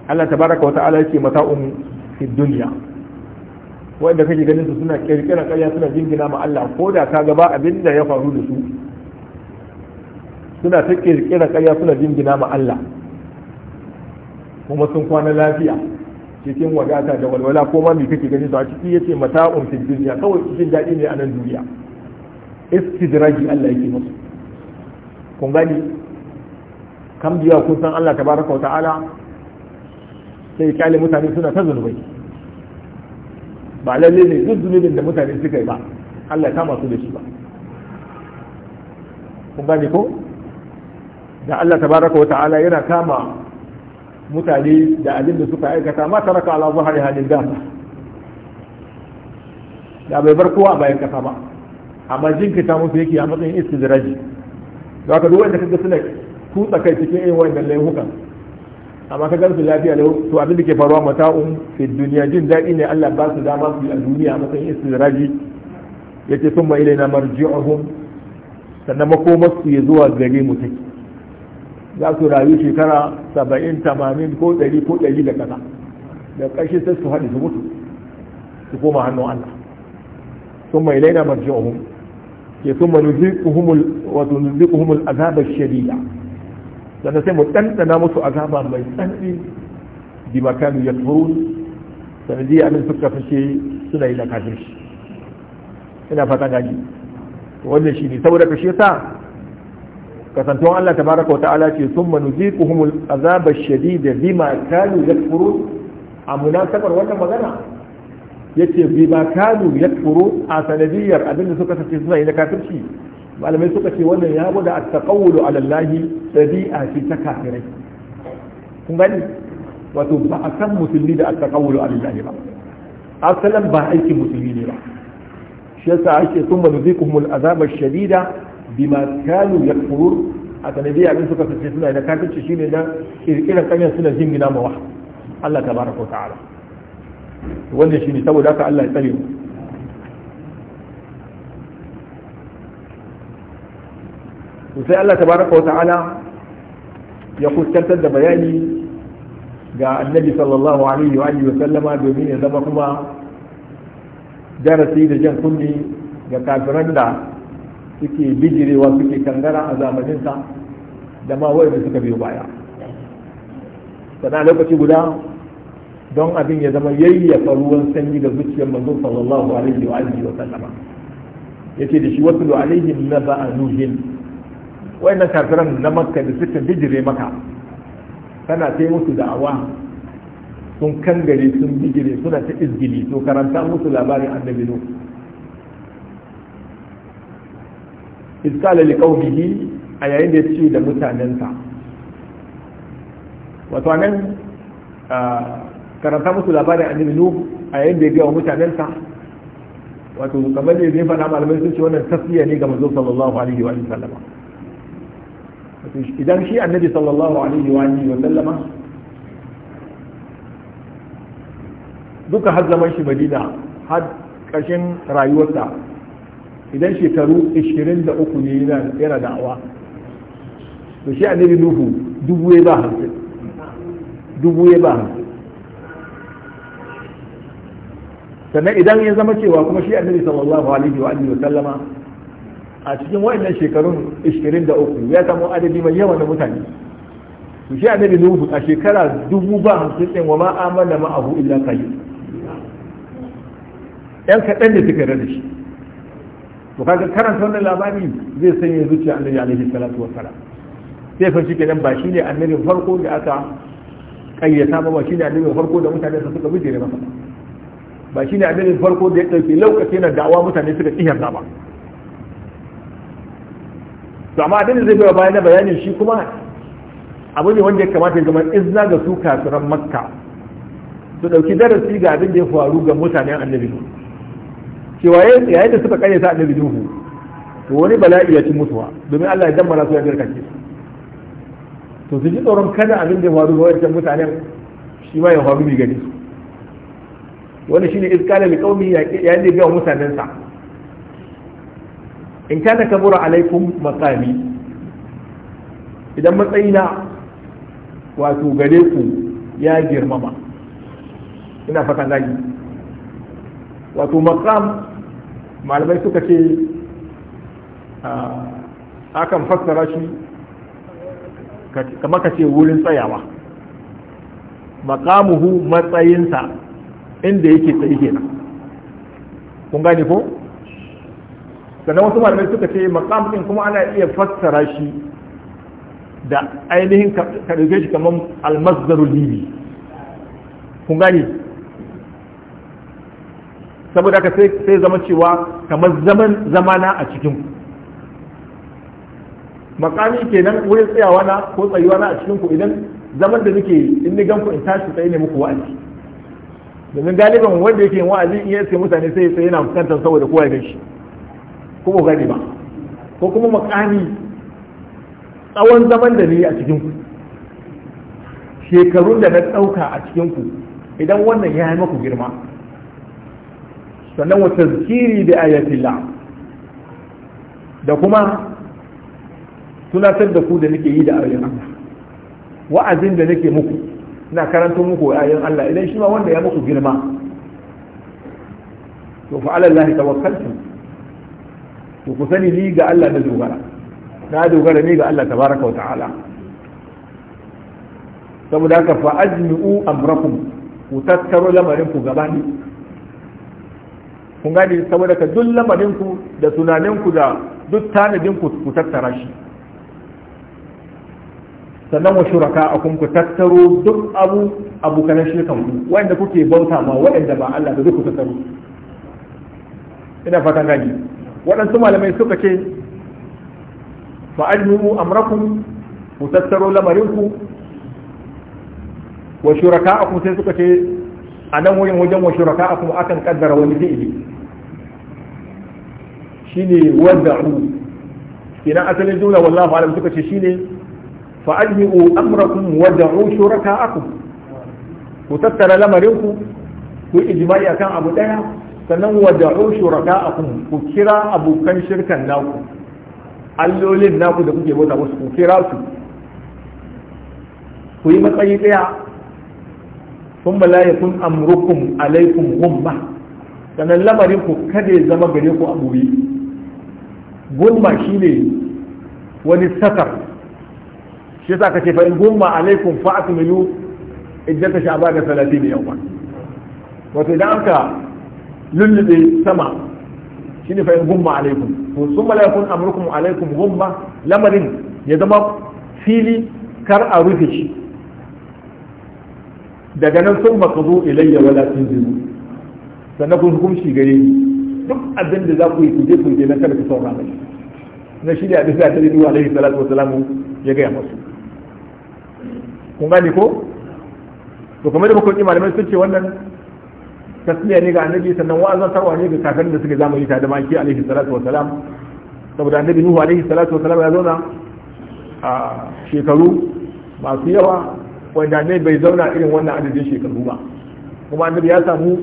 Allah tabaraka wa ta'ala yake mata'un fi duniya wanda kake ganin su suna kirkira ƙarya suna jingina ma Allah ko da ka gaba abin da ya faru da su suna ta kirkira ƙarya suna jingina ma Allah kuma sun kwana lafiya cikin wadata da walwala ko ma me kake ganin su a ciki yace mata'un fi duniya kawai cikin daɗi ne a nan duniya istidraji Allah yake musu kun gani kam biya kun san Allah tabaraka wa ta'ala sai kyale mutane suna ta zunubai ba lalle ne duk zunubin da mutane suka yi ba Allah kama su da shi ba kun gane ko da Allah tabaraka ta'ala yana kama mutane da abin da suka aikata ma taraka ala zuhari halin gasa da bai bar kowa bayan kasa ba amma jinkita musu yake a matsayin istidraji da haka duk wanda kaga suna kutsa kai cikin irin wannan laifukan amma ka gansu lafiya ne to abin da ke faruwa mata'un fi duniya jin daɗi ne Allah ba su dama su a duniya a matsayin istiraji yace summa ilaina marji'uhum sannan makomar su ya zuwa gare mu take za su rayu shekara saba'in tamanin ko ɗari ko ɗari da ƙasa da ƙarshe sai su haɗe su mutu su koma hannun Allah sun summa ilaina marji'uhum ke summa nuziquhum wa nuziquhum al-azab ash-shadida sannan sai mu ɗanɗana musu azaba mai tsanani bi makanu ya turun sanadiyya abin suka fashe suna yi na kafirci ina fatan gani wannan shi ne saboda kashe sa kasantuwan Allah tabaraka wa ta'ala ce sun manuziquhum azaba shadida bima kanu yakfurun a munasabar wannan magana yace bima kanu yakfurun a sanadiyar abin da suka sace suna yi na kafirci malamai suka ce wannan ya gwada a taƙawulu alallahi ɗabi'a ce ta kafirai kun gani wato ba a san musulmi da a taƙawulu alallahi ba asalan ba aikin musulmi ne ba shi yasa ake sun manu zai kuma azabar shadida bima kanu ya kurur a sanadi abin suka sace suna da kafirci shine na kirkiran kanyar suna jingina mawa Allah ta wa ta'ala wannan shine saboda haka Allah ya tsare mu sai Allah tabaraka wa ta'ala ya fuskantar da bayani ga annabi sallallahu alaihi wa wa sallama domin ya zama kuma darasi da jan kunne ga kafiran da suke bijirewa suke kangara a zamaninsa da ma waɗanda suka biyo baya sana lokaci guda don abin ya zama yayyafa ruwan sanyi da zuciyar manzo sallallahu alaihi wa alihi wa sallama yace da shi wasu alaihim naba'a nuhin wayannan kafiran na makka da suka bijire maka tana sai musu da'awa sun kangare sun bijire suna ta izgili to karanta musu labarin annabi nu iskala li qaumihi a yayin da ya ci da mutanensa wato nan karanta musu labarin annabi nu a yayin da ya mutanen mutanensa wato kamar da ya faɗa malamai sun ce wannan tasfiya ne ga manzo sallallahu alaihi wa sallama. idan shi annabi sallallahu alaihi wa alihi wa sallama duka har zaman shi madina har ƙarshen rayuwarsa idan shekaru 23 ne yana da'awa to shi annabi nuhu dubu ya ba hamsin dubu ya ba hamsin sannan idan ya zama cewa kuma shi annabi sallallahu alaihi wa alihi wa sallama a cikin wayannan shekarun 23 ya samu adadi mai yawa na mutane su shi annabi nuhu a shekara dubu ba hamsin ɗin wa ma amana ma'ahu illa kayi yan kaɗan da suka rada shi to kaga karanta wannan labari zai sanya zuciya annabi alaihi salatu wa salam sai fa shike nan ba shine annabin farko da aka kayyata ba ba shine annabin farko da mutane su suka bijire masa ba shine annabin farko da ya dauke lokacin da da'awa mutane suka tsiyar ba to amma abin da zai gaba bayan na bayanin shi kuma abu ne wanda ya kamata ya zama izna ga su kafiran makka su ɗauki darasi ga abin da ya faru ga mutanen annabi cewa yayin da suka kare sa annabi duhu to wani bala'i ya ci mutuwa domin Allah ya dammara su ya garkace to su ji tsoron kada abin da ya faru ga wancan mutanen shi ma ya faru bi gani su wani shine izkala liqaumi ya ya ne ga sa in kana kabura alaikum makami idan matsayina wato gare ku ya girmama ina fata gani wato makam malamai suka ce akan fassara shi kamar ka ce wurin tsayawa makamuhu matsayinsa inda yake tsaye kenan kun gane ko sannan wasu malamai suka ce maqam din kuma ana iya fassara shi da ainihin ka shi kamar almazdaru libi kun gani saboda ka sai zama cewa kamar zaman zamana a cikin ku makami kenan wurin tsayawa na ko tsayuwa na a cikin ku idan zaman da nake in ni ganku in tashi tsaye ne muku wa'azi domin galiban wanda yake wa'azi in ya sai mutane sai sai yana fuskantar saboda kowa ya gaishe shi ko ba gani ba ko kuma makami tsawon zaman da ne a cikinku shekarun da na ɗauka a cikinku idan wannan ya yi maku girma sannan wata zikiri da ayatillah da kuma tunatar da ku da nake yi da ayoyin Allah wa'azin da nake muku na karanta muku ayoyin Allah idan shi ma wanda ya muku girma to fa'alallahi ala tawakkaltu to ku sani ni ga Allah na dogara na dogara ni ga Allah tabaraka wa ta'ala saboda haka fa ajmi'u amrakum ku tattaro lamarin ku gaba ni kun gani saboda ka duk lamarin ku da tunanin ku da duk tanadin ku ku tattara shi sannan wa shuraka akum ku tattaro duk abu abu shi shirkan ku wanda kuke bauta ma wanda ba Allah da duk ku tattaro ina fatan gani waɗansu malamai suka ce fa'ajmu amrakum mu tattaro lamarinku wa shuraka'akum sai suka ce a nan wurin wajen wa kuma akan kaddara wani fi'ili shine wadda'u ina asalin jumla wallahu alam suka ce shine fa'ajmu amrakum wadda'u a ku tattara lamarinku ku ijma'i akan abu ɗaya. sannan wada'u shuraka'akum ku kira abokan shirkan naku allolin naku da kuke bauta musu ku kira su ku yi matsayi daya sun la yakun amrukum alaikum gumma sannan lamarin ku kada ya zama gare ku a boye gumma shine wani satar shi yasa ce fa in gumma alaikum fa'atmilu iddata sha'ban 30 yawman wato idan ka. lullube sama shi ne fahimta gumma alaikum to sun malakun amurkum alaikum gumma lamarin ya zama fili kar a rufe shi daga nan sun maka zo ilayya wala sun zizu sannan kun hukunci gare ni duk abin da za ku yi kuje kuje na kada ku saura mai na shi ne a bisa ta dubu alaihi salatu wasalamu ya gaya masu kun gani ko to kamar da muka malamai sun ce wannan tasliya ne ga annabi sannan tarwa ne ga kakannin da suka zamani ta da maki alaihi salatu wa salam saboda annabi nuhu alaihi salatu wa salam ya zauna a shekaru masu yawa wanda ne bai zauna irin wannan adadin shekaru ba kuma annabi ya samu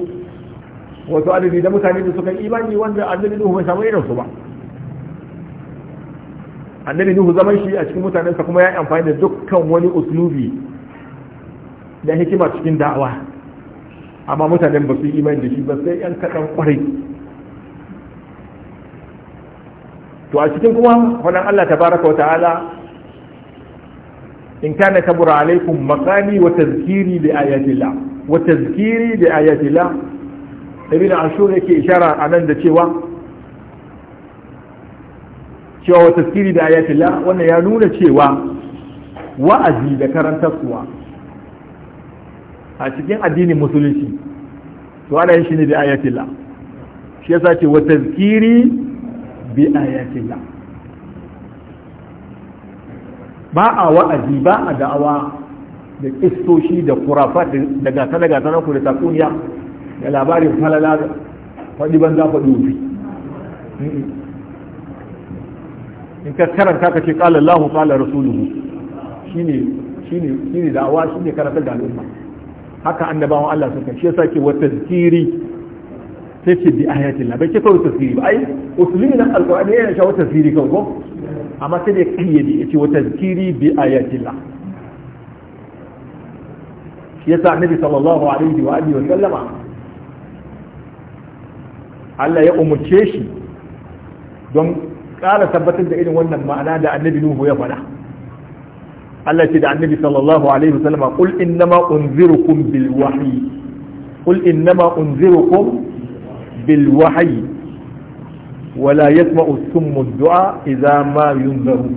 wasu adadi da mutane da suka imani wanda annabi nuhu bai samu irin su ba annabi nuhu zaman shi a cikin mutanensa kuma ya yi amfani da dukkan wani uslubi da hikima cikin da'awa amma mutanen ba su yi imani da shi ba sai yan kaɗan kwarai to a cikin kuma wannan Allah Ta baraka wa ta'ala in kana kabura alaikum maqami wa tazkiri da ayatillah wa tazkiri da ayatillah ibn ashur yake ishara a nan da cewa cewa wa tazkiri da ayatillah wannan ya nuna cewa wa'azi da karantarsuwa a cikin addinin musulunci to ana yin shi ne bi ayatillah shi yasa ce wa tazkiri bi ayatillah ba a wa'azi ba a da'awa da kistoshi da kurafa da gasa-gasa na ku da takuniya da labarin falala faɗi za faɗi wufi in ka karanta ka ce Allahu, ƙalar rasuluhu shi ne da'awa shi ne da al'umma haka an annabawan Allah suka shi yasa ke wata zikiri sai ce bi ayatin labai ce kawai tasiri ba ai usulmi na alkur'ani yana sha wata tasiri kawai ko amma sai da kayyade ya ce wata zikiri bi ayatin la shi yasa annabi sallallahu alaihi wa alihi wa sallama Allah ya umurce shi don ƙara tabbatar da irin wannan ma'ana da annabi Nuhu ya faɗa Allah ce da annabi sallallahu alaihi wasallam qul innama unzirukum bil wahyi qul innama unzirukum bil wahyi wala yasma'u summu du'a idza ma yunzaru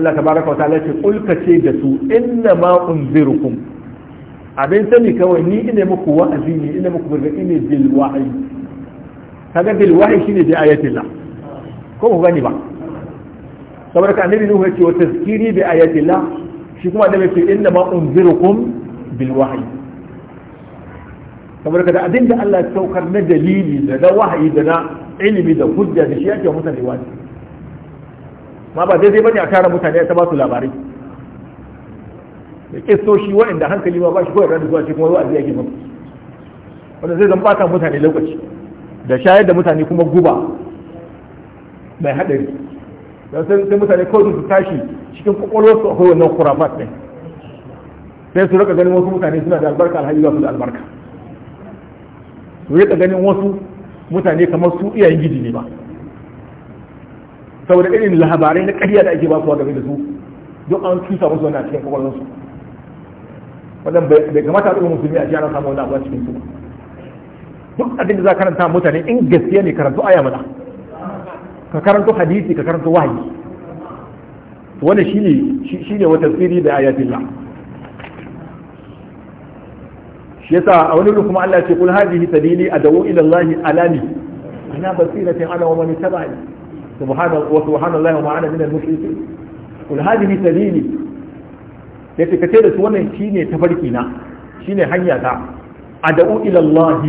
Allah tabaraka wa ta'ala ce qul kace da su innama unzirukum abin sani kawai ni ina muku wa'azi ne ina muku gargadi ne bil wahyi kaga bil wahyi shine bi ayatillah ko ku gani ba saboda ka annabi nuhu yake wa tazkiri bi ayatillah shi kuma da yake inna ma unzirukum bil wahyi saboda ka da abin da Allah ya saukar na dalili da na wahayi da na ilimi da hujja da shi yake mutane wani ma ba daidai bane a tara mutane ta ba su labarai da shi waɗanda hankali ma ba shi koyar da zuwa shi kuma zuwa a yake mutu wanda zai zan bata mutane lokaci da shayar da mutane kuma guba mai haɗari da sai mutane kawai su tashi cikin kwakwalwarsu akwai wannan kurafat ɗin sai su rika ganin wasu mutane suna da albarka alhaji ba su da albarka su rika ganin wasu mutane kamar su iyayen gidi ne ba saboda irin labarai na ƙarya da ake su game da su duk an cusa musu wani a cikin kwakwalwarsu wannan bai kamata a musulmi a ce ana samu wani abu cikin su duk abin da za karanta mutane in gaskiya ne karantu aya mana ka karanto hadisi ka karanto wahayi wanda shine shine wata tafsiri da ayatillah shi yasa a wani kuma Allah ce kul hadhihi sabili ad'u ila Allah alani ana basirati ana wa man tabi'ani subhanallahi wa subhanallahi wa ma ana min al-mushrikin kul hadhihi sabili yace kace da su wannan shine tafarki na shine hanya ta ad'u ila Allah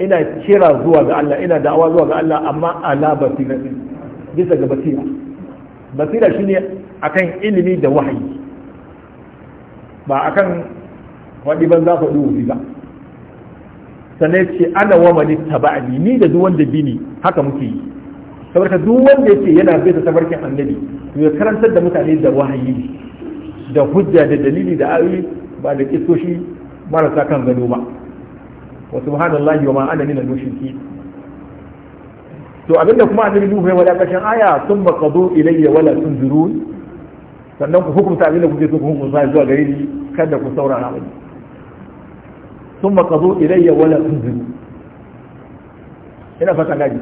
ina kira zuwa ga Allah ina da'awa zuwa ga Allah amma ala basirati bisa ga basira basira shine akan ilimi da wahayi ba akan wani ban za faɗi wuri ba sannan ce ana wa mani taba'ani ni da duwan wanda bini haka muke yi saboda duk wanda yake yana bisa tabarkin annabi to ya karantar da mutane da wahayi da hujja da dalili da ayoyi ba da kisoshi marasa kan gado ba wa subhanallahi wa ma ana min to abinda kuma annabi nuhu ya wada kashin aya sun maqadu ilayya wala tunzirun sannan ku hukunta abinda kuke so ku hukunta zuwa gare ni kada ku saurara ba. sun maqadu ilayya wala tunzirun ina fata gaji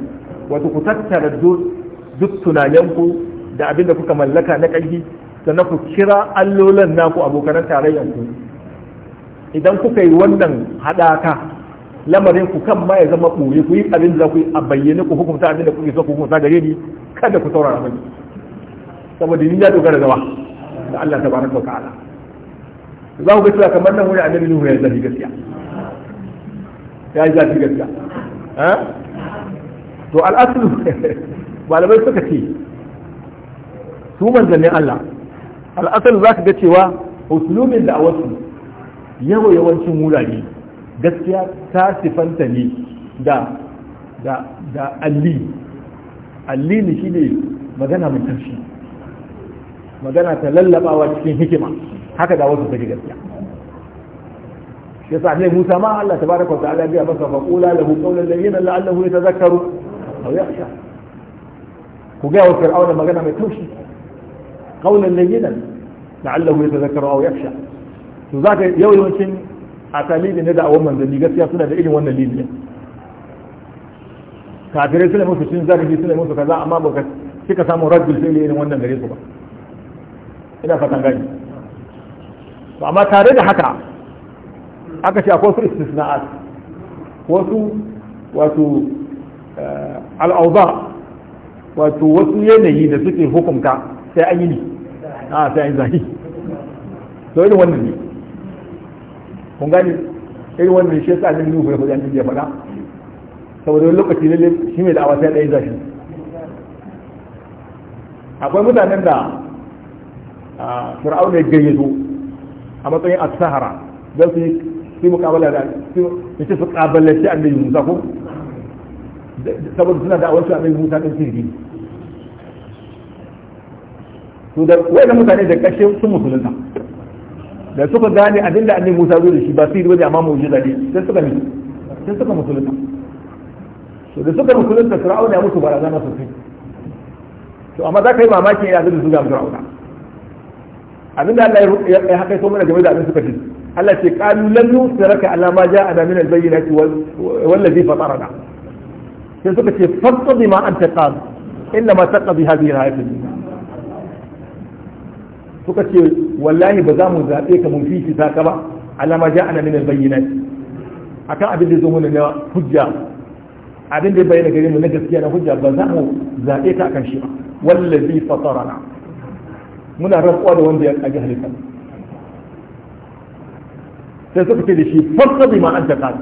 wato ku tattara duk tunaninku da abinda kuka mallaka na ƙarfi sannan ku kira allolan naku abokanan tarayyanku idan kuka yi wannan haɗaka lamarin ku kan ma ya zama ɓoye ku yi abin da ku yi a bayyane ku hukunta abin da kuke so ku hukunta gare ni kada ku saurara mani saboda ni ya dogara gawa da Allah ta baraka wa ta'ala za ku ga cewa kamar nan wani annabi Nuhu ya zafi gaskiya ya yi zafi gaskiya to al'asulu [laughs] malamai suka ce su manzannin Allah al'asulu za ka ga cewa usulumin da a wasu yawa yawancin wurare gaskiya ta sifanta ne da da da alli alli ne shine magana mai tarshi magana ta lallabawa cikin hikima haka da wasu take gaskiya yasa ne Musa ma Allah tabaraka wa ta'ala biya masa fa qula lahu qawlan layyinan la'allahu yatazakkaru aw yakhsha ku ga wa fir'auna magana mai taushi qawlan layyinan la'allahu yatazakkaru aw yakhsha to zaka yau yawancin a talibi da awon manzanni gaskiya suna da irin wannan libya kafirai suna musu cin zarafi suna musu kaza amma ba ka samun rajul sai irin wannan gare su ba ina fatan gani to amma tare da haka aka ce akwai su istisna'at wasu wato eh, al'auza wato wasu yanayi da suke hukunta sai an yi ne a ah, sai an yi zahi to irin wannan ne kun gani irin wannan shi yasa ne nuhu ya faɗa ya faɗa saboda wani lokaci ne shi mai da'awa sai ɗaya zashi akwai mutanen da fir'auna ya gayyato a matsayin as-sahara don su su mukabala da su su su shi annabi musa ko saboda suna da awansu annabi musa din sirri to da wannan mutane da kashe sun musulunta da suka gane abin da annabi Musa zo da shi ba sihiri bane amma mu'jiza ne sai suka ne sai suka musulunta to da suka musulunta fir'auna ya mutu barazana sosai to amma za ka yi mamaki ya zai zuga fir'auna abin da Allah ya haka to mana game da abin suka ji Allah ce qalu lam yusraka ala ma ja'ana min al-bayyinati wal ladhi fatarana sai suka ce fatta bima anta qad illa ma taqdi hadhihi al-hayat ad-dunya suka ce wallahi ba za mu zaɓe ka mun fi ta ka ba alama ja ana min A kan abin da zo mana na hujja abin da bayyana gare mu na gaskiya na hujja ba za mu zaɓe ka akan shi ba wallazi fatarana muna rantsuwa da wanda ya kage halitta sai suka ce da shi farsa bi ma anta qad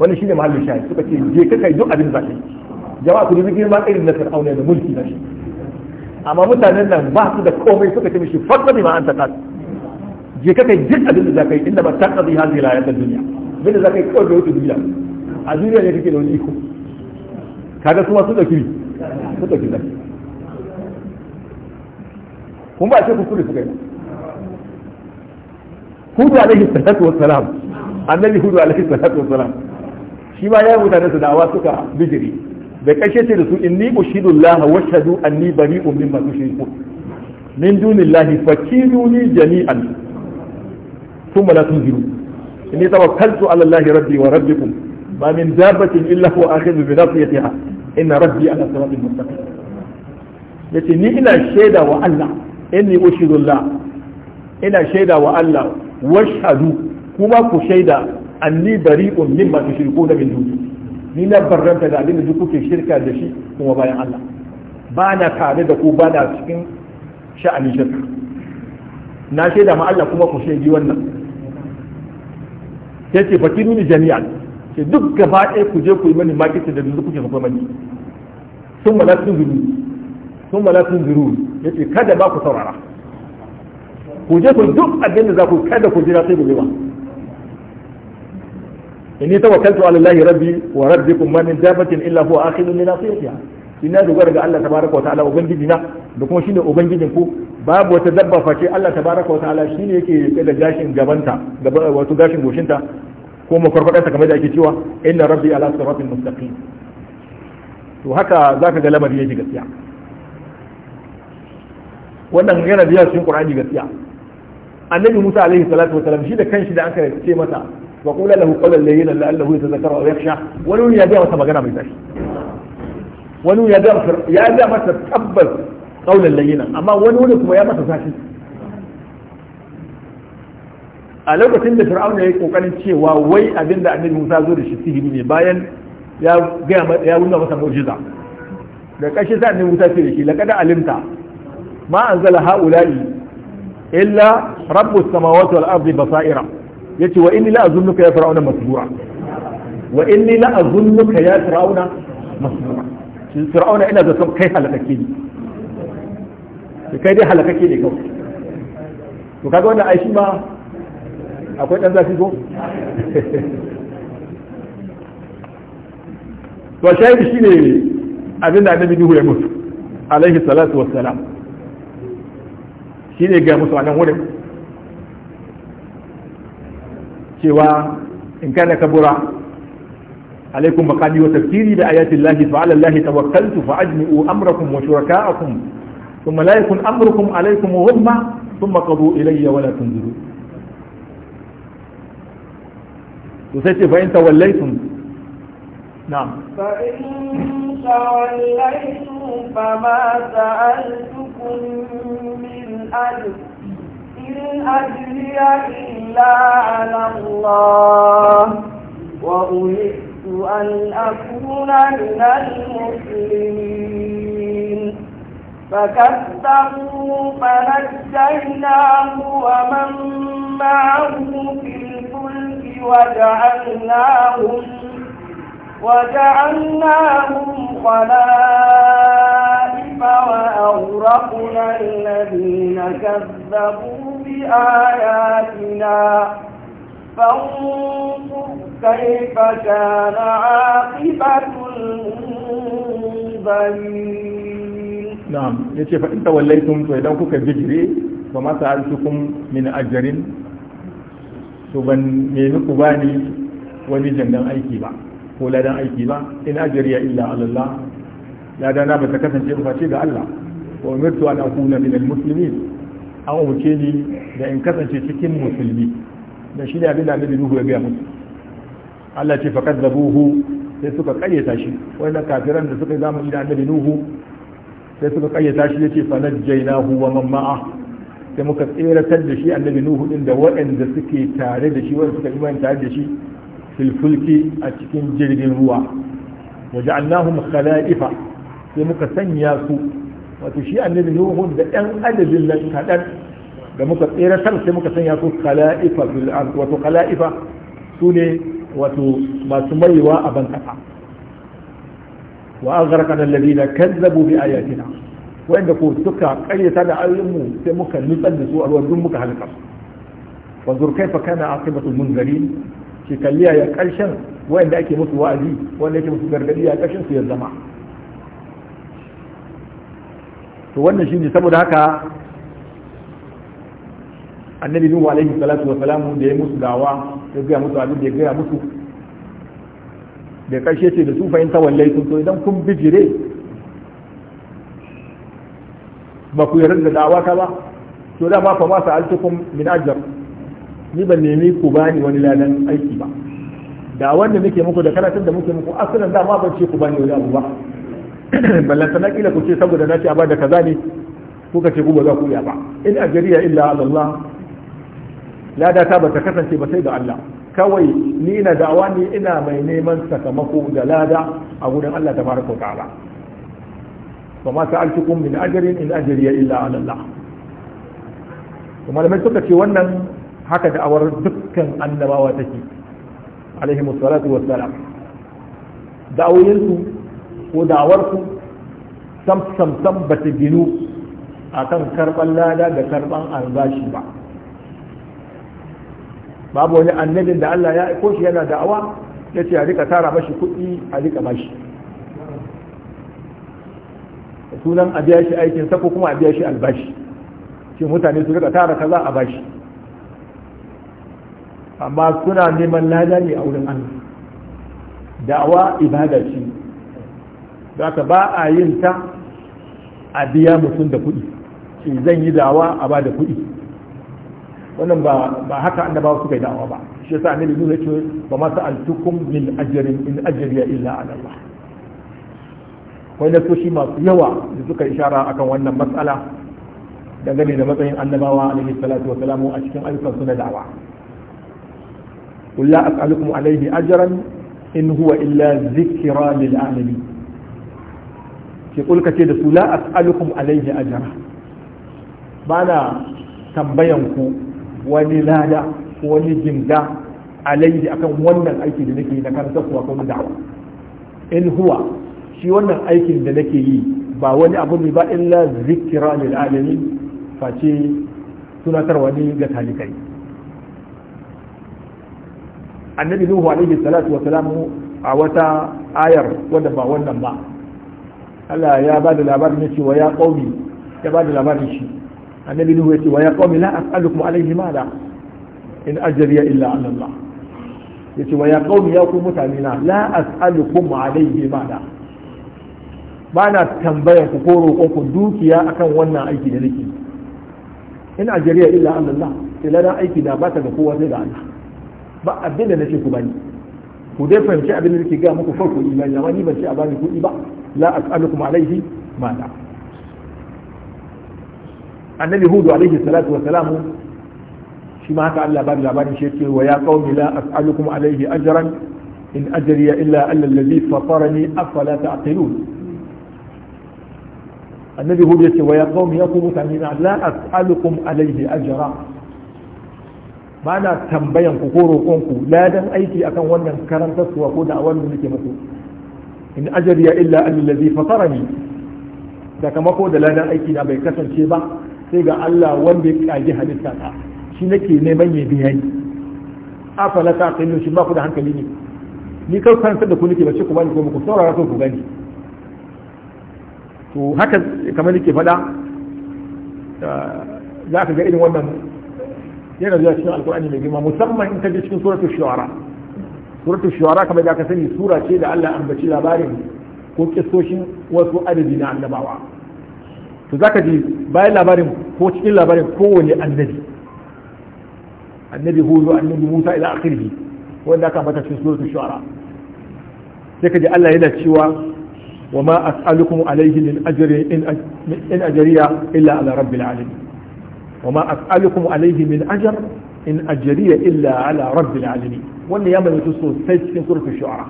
wani shi ne mahallin shayi suka ce je ka kai duk abin zaɓe jama'a ku ne girma irin na fir'auna da mulki na shi amma mutanen nan ba su da komai suka ce mishi fadda bi ma anta qad je ka kai duk abin da za ka yi inda ba ta qadi hadhihi al-hayat ad duniya bin da za ka yi kawai da wata duniya a duniya ne kake da wani iko kaga kuma su kiri su dauki zaki kun ba ce ku kuri suka yi hudu alaihi salatu salam annabi hudu alaihi salatu salam shi ma ya mutane su da'awa suka bijiri da kashe ce da su inni ushidullah wa shadu anni bari'un mimma tushrikun min dunillahi fakiruni jami'an thumma la tunziru inni tawakkaltu ala allahi rabbi wa rabbikum ma min dabbatin illa huwa akhidhu bi nasiyatiha inna rabbi ala siratin mustaqim yace ni ina shaida wa Allah inni ushidullah ina shaida wa Allah wa shadu kuma ku shaida anni bari'un mimma tushrikuna min dunihi ni na barranta da abin da duk kuke shirka da shi kuma bayan Allah ba na tare da ku ba na cikin sha'anin shirka na shaida ma Allah kuma ku shaidi wannan sai ce fakiru ni jami'an ce duk gaba ɗaya ku je ku yi mani makitin da duk kuke kuma mani sun mala sun zuru sun mala sun zuru ya ce kada ba ku saurara ku je ku duk abin da za ku kada ku jira sai ku ba inni tawakkaltu ala allahi rabbi wa rabbikum ma min dabbatin illa huwa akhidun li nasiyatiha ina dogara ga Allah tabaaraka wa ta'ala ubangiji na da kuma shine ubangijin ku babu wata dabba face Allah tabaaraka wa ta'ala shine yake rike da gashin gabanta gaba wato gashin goshinta ko ta kamar da ake cewa inna rabbi ala siratin mustaqim to haka zaka ga lamari yake gaskiya wannan yana biya cikin Qur'ani gaskiya annabi Musa alaihi salatu wa salam shi da kanshi da aka ce masa wa qul lahu qawlan layyinan la'allahu yatadhakkaru aw yakhsha wani ya ga wata magana mai tashi wani ya ga masa tabbas qawlan layyinan amma wani kuma ya masa a lokacin da fir'auna ya yi kokarin cewa wai abin da annabi Musa zo da shi sihiri ne bayan ya ga ya wuna masa mu'jiza da kashi sa annabi Musa ce da shi laqad alimta ma anzala haula'i illa rabbus samawati wal ardi basaira yace wa inni la azunnuka ya fir'auna masbu'a wa inni la azunnuka ya fir'auna masbu'a shi fir'auna ina da son kai halakake ne kai dai halakake ne kawai to kaga wannan ai shi ma akwai dan zafi ko [laughs] to shahidi shine abin da annabi Nuhu ya mutu alaihi salatu wassalam shine ga musu anan wurin cewa in kana kabura alaikum maqami wa tafsiri bi ayati llahi fa ala llahi tawakkaltu fa ajmi'u amrakum wa shuraka'akum thumma la yakun amrukum alaikum ghumma thumma qadu ilayya wa la tunziru to sai ce fa in tawallaytum na'am fa in tawallaytum fama sa'altukum min ajr أجري إلا على الله وأمرت أن أكون من المسلمين فكذبوا فنجيناه ومن معه في الفلك وجعلناهم وجعلناهم خلائف وأغرقنا الذين كذبوا بآياتنا فانظر كيف كان عاقبة المنذرين نعم يتي فإن توليتم فإذا كنت ججري فما سألتكم من أجر to ban nemi ku bani wani jandan ko ladan aiki ba in ajriya illa ala Allah ladana ba ta kasance ba ce ga Allah wa umirtu an akuna min almuslimin an wuce ni da in kasance cikin musulmi da shi ne abin da annabi Nuhu ya gaya musu Allah ce faqad zabuhu sai suka kayyata shi wannan kafiran da suka yi zamani da annabi Nuhu sai suka kayyata shi yace fa najjaynahu wa man ma'a sai muka tseratar da shi annabi Nuhu din da waɗanda suke tare da shi wanda suka imani tare da shi filfulki a cikin jirgin ruwa waje annahum khala'ifa sai muka sanya su wato shi annabi nuhun da ɗan adadin nan kaɗan da muka tseratar sai muka sanya su khala'ifa fil ard wato khala'ifa su ne wato masu maiwa a ban kasa wa aghraqana alladhina kazzabu bi ayatina wanda ko suka karyata da ayyumu sai muka nutsar da su a ruwan muka halaka su wanzur kaifa kana aqibatul munzirin shi kalli ya ƙarshen wanda ake musu wa'azi wanda ake musu gargadi ya ƙarshen su ya zama to wannan shine saboda haka annabi nuhu alaihi salatu wa salam da ya musu dawa ya gaya musu abin da ya gaya musu da ƙarshe ce da su fahimta wallai sun so idan kun bijire ba ku yarda da dawa ka ba to da ma fa ma sa'altukum min ajr ni ban nemi ku bani wani ladan aiki da wanda muke muku da karatun da muke muku asalin dama ban ce ku bani wani abu ba [clears throat] ballan na kila ku ce saboda na ce a ba da kaza ne kuka ce ku ba za ku iya ba in ajriya illa Allah lada ta ba ta kasance ba sai ga Allah kawai ni ina da'awa ne ina mai neman sakamako da lada a gudun Allah tabaraka wa ta'ala fa ma sa'altukum min ajarin in ajriya illa ala Allah malamai suka ce wannan haka da'awar dukkan annabawa take alaihi wassalatu wassalam da'awoyinsu ko da'awarsu sam sam sam bata ta ginu a kan karɓar lada da karɓar albashi ba babu wani annabin da Allah ya aiko shi yana da'awa ya ce a rika tara mashi kuɗi a rika mashi sunan a biya shi aikinsa ko kuma a biya shi albashi shi mutane su rika tara kaza a bashi amma suna neman lada ne a wurin Allah da'awa ibada ce zaka ba a yin ta a biya mutum da kuɗi shi zan yi da'awa a ba da kuɗi wannan ba haka annabawa suka yi da'awa ba shi yasa annabi Nuhu ya ce ba ma sa'altukum min ajrin in illa ala Allah wai soshi masu yawa da suka ishara akan wannan matsala dangane da matsayin annabawa alaihi salatu wa salamu a cikin ayyukan su na da'awa qul la as'alukum alayhi ajran in huwa illa zikra lil alamin ki kulka ce da su la as'alukum alayhi ajra bana tambayan wani lada ko wani jinda alayhi akan wannan aiki da nake na karanta kuwa ko da'awa in huwa shi wannan aikin da nake yi ba wani abu ne ba illa zikira lil alamin face tunatarwa ne ga talikai annabi nuhu alaihi salatu wa salamu a wata ayar wadda ba wannan ba Allah ya ba da labarin ya cewa ya qaumi ya ba da labarin shi annabi nuhu ya ce wa ya qaumi la as'alukum alaihi mala in ajriya illa ala Allah ya ce wa ya qaumi ya ku mutane na la as'alukum alaihi mala ba na tambayar ku ko roƙon ku dukiya akan wannan aiki da nake in ajriya illa ala Allah sai lana aiki na ba ta ga kowa sai da Allah ba abin da na ce ku bani ku dai fahimci abin da nake ga muku farko imani amma ni ban ce a bani kuɗi ba la as'alukum alayhi ma la annabi hudu alayhi salatu wa salam shi ma haka Allah ba labarin shi ce wa ya qaumi la as'alukum alayhi ajran in ajriya illa ala alladhi fatarani afala ta'qilun annabi hudu yace wa ya qaumi yakum mutane la as'alukum alaihi ajran ba na tambayan ku ko roƙon ku ladan aiki akan wannan karantar suwa ko da'awar da nake musu in ya illa allazi fatarani ko da ladan aiki na bai kasance ba sai ga Allah wanda ya kage halitta ta shi nake neman ya biya ni afala ta kinu shi ba ku da hankali ne ni kai kan da ku nake ba ce ku bani ko ku saurara ko ku gani to haka kamar nake faɗa za ka ga irin wannan yana zuwa cikin alkur'ani mai girma musamman in ka je cikin suratul shu'ara suratul shu'ara kamar da aka sani sura ce da Allah ambaci labarin ko kissoshin wasu adadi na annabawa to zaka ji bayan labarin ko cikin labarin kowane annabi annabi hudu annabi musa ila akhirih wanda ka ambata cikin suratul shu'ara sai ka ji Allah yana cewa wa ma as'alukum alayhi min ajri in ajriya illa ala rabbil alamin وما أسألكم عليه من أجر إن أجري إلا على رب العالمين wannan ya mai so cikin surfin shu'ara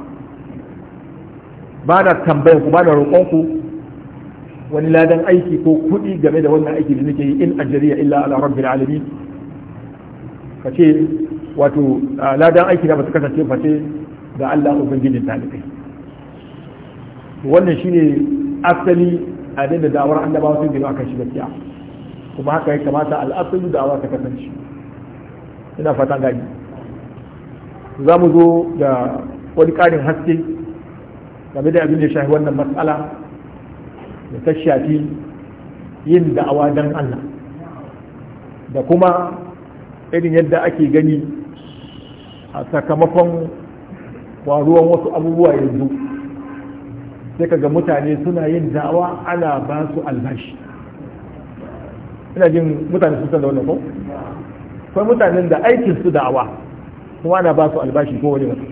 ba na tambayar ku ba na roƙonku wani ladan aiki ko kuɗi game da wannan aiki da nake yi in ajriya illa ala rabbil alamin kace wato ladan aiki ba su kasance face ga Allah ubangijin talibai wannan shine asali a da da'awar annabawa sun akan shi gaskiya kuma haka ya kamata al'asulu da awa ta kasance ina fatan gani za mu zo da wani ƙarin haske game da abin da shafi wannan matsala da ta shafi yin da'awa don Allah da kuma irin yadda ake gani a sakamakon waruwan wasu abubuwa yanzu sai kaga mutane suna yin da'awa ana ba su albashi ina jin mutane sun san da wannan ko akwai mutanen da aikin su da'awa kuma ana ba su albashi ko wani wasu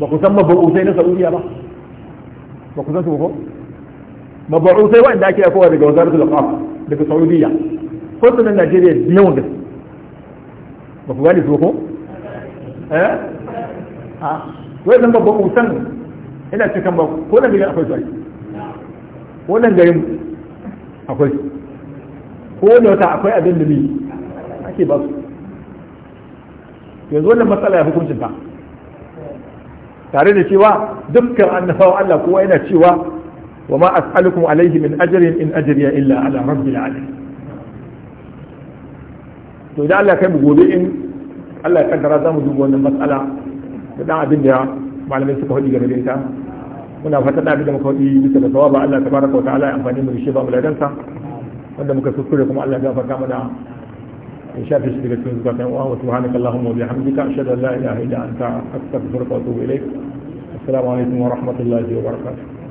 ba ku san mabu'utai na saudiya ba ba ku san su ko mabu'utai wanda ake akowa daga da qaf daga saudiya ko su nan najeriya yawan gaske ba ku gani su ko eh a ah. wai nan Usan, ina cikin ba ko nan daga akwai su ko nan garin akwai ko wani wata akwai abin da bi ake ba su yanzu wannan matsala ya hukuncin ta tare da cewa dukkan annabawa Allah kowa yana cewa wa ma as'alukum alayhi min ajrin in ajriya illa ala rabbil alamin to idan Allah kai mu gobe in Allah ya kaddara za mu duba wannan matsala da dan abin da malamai suka faɗi game da ita muna fatan da da makawai bisa da sawaba Allah tabaraka wa ta'ala ya amfani mu da shi ba mu ladansa wanda muka kuskure kuma Allah ya gafarta mana in shafe shi daga cikin zukatan uwa wa subhanaka allahumma wa bihamdika ashhadu an la ilaha illa anta astaghfiruka wa atubu ilaik assalamu alaikum wa rahmatullahi wa barakatuh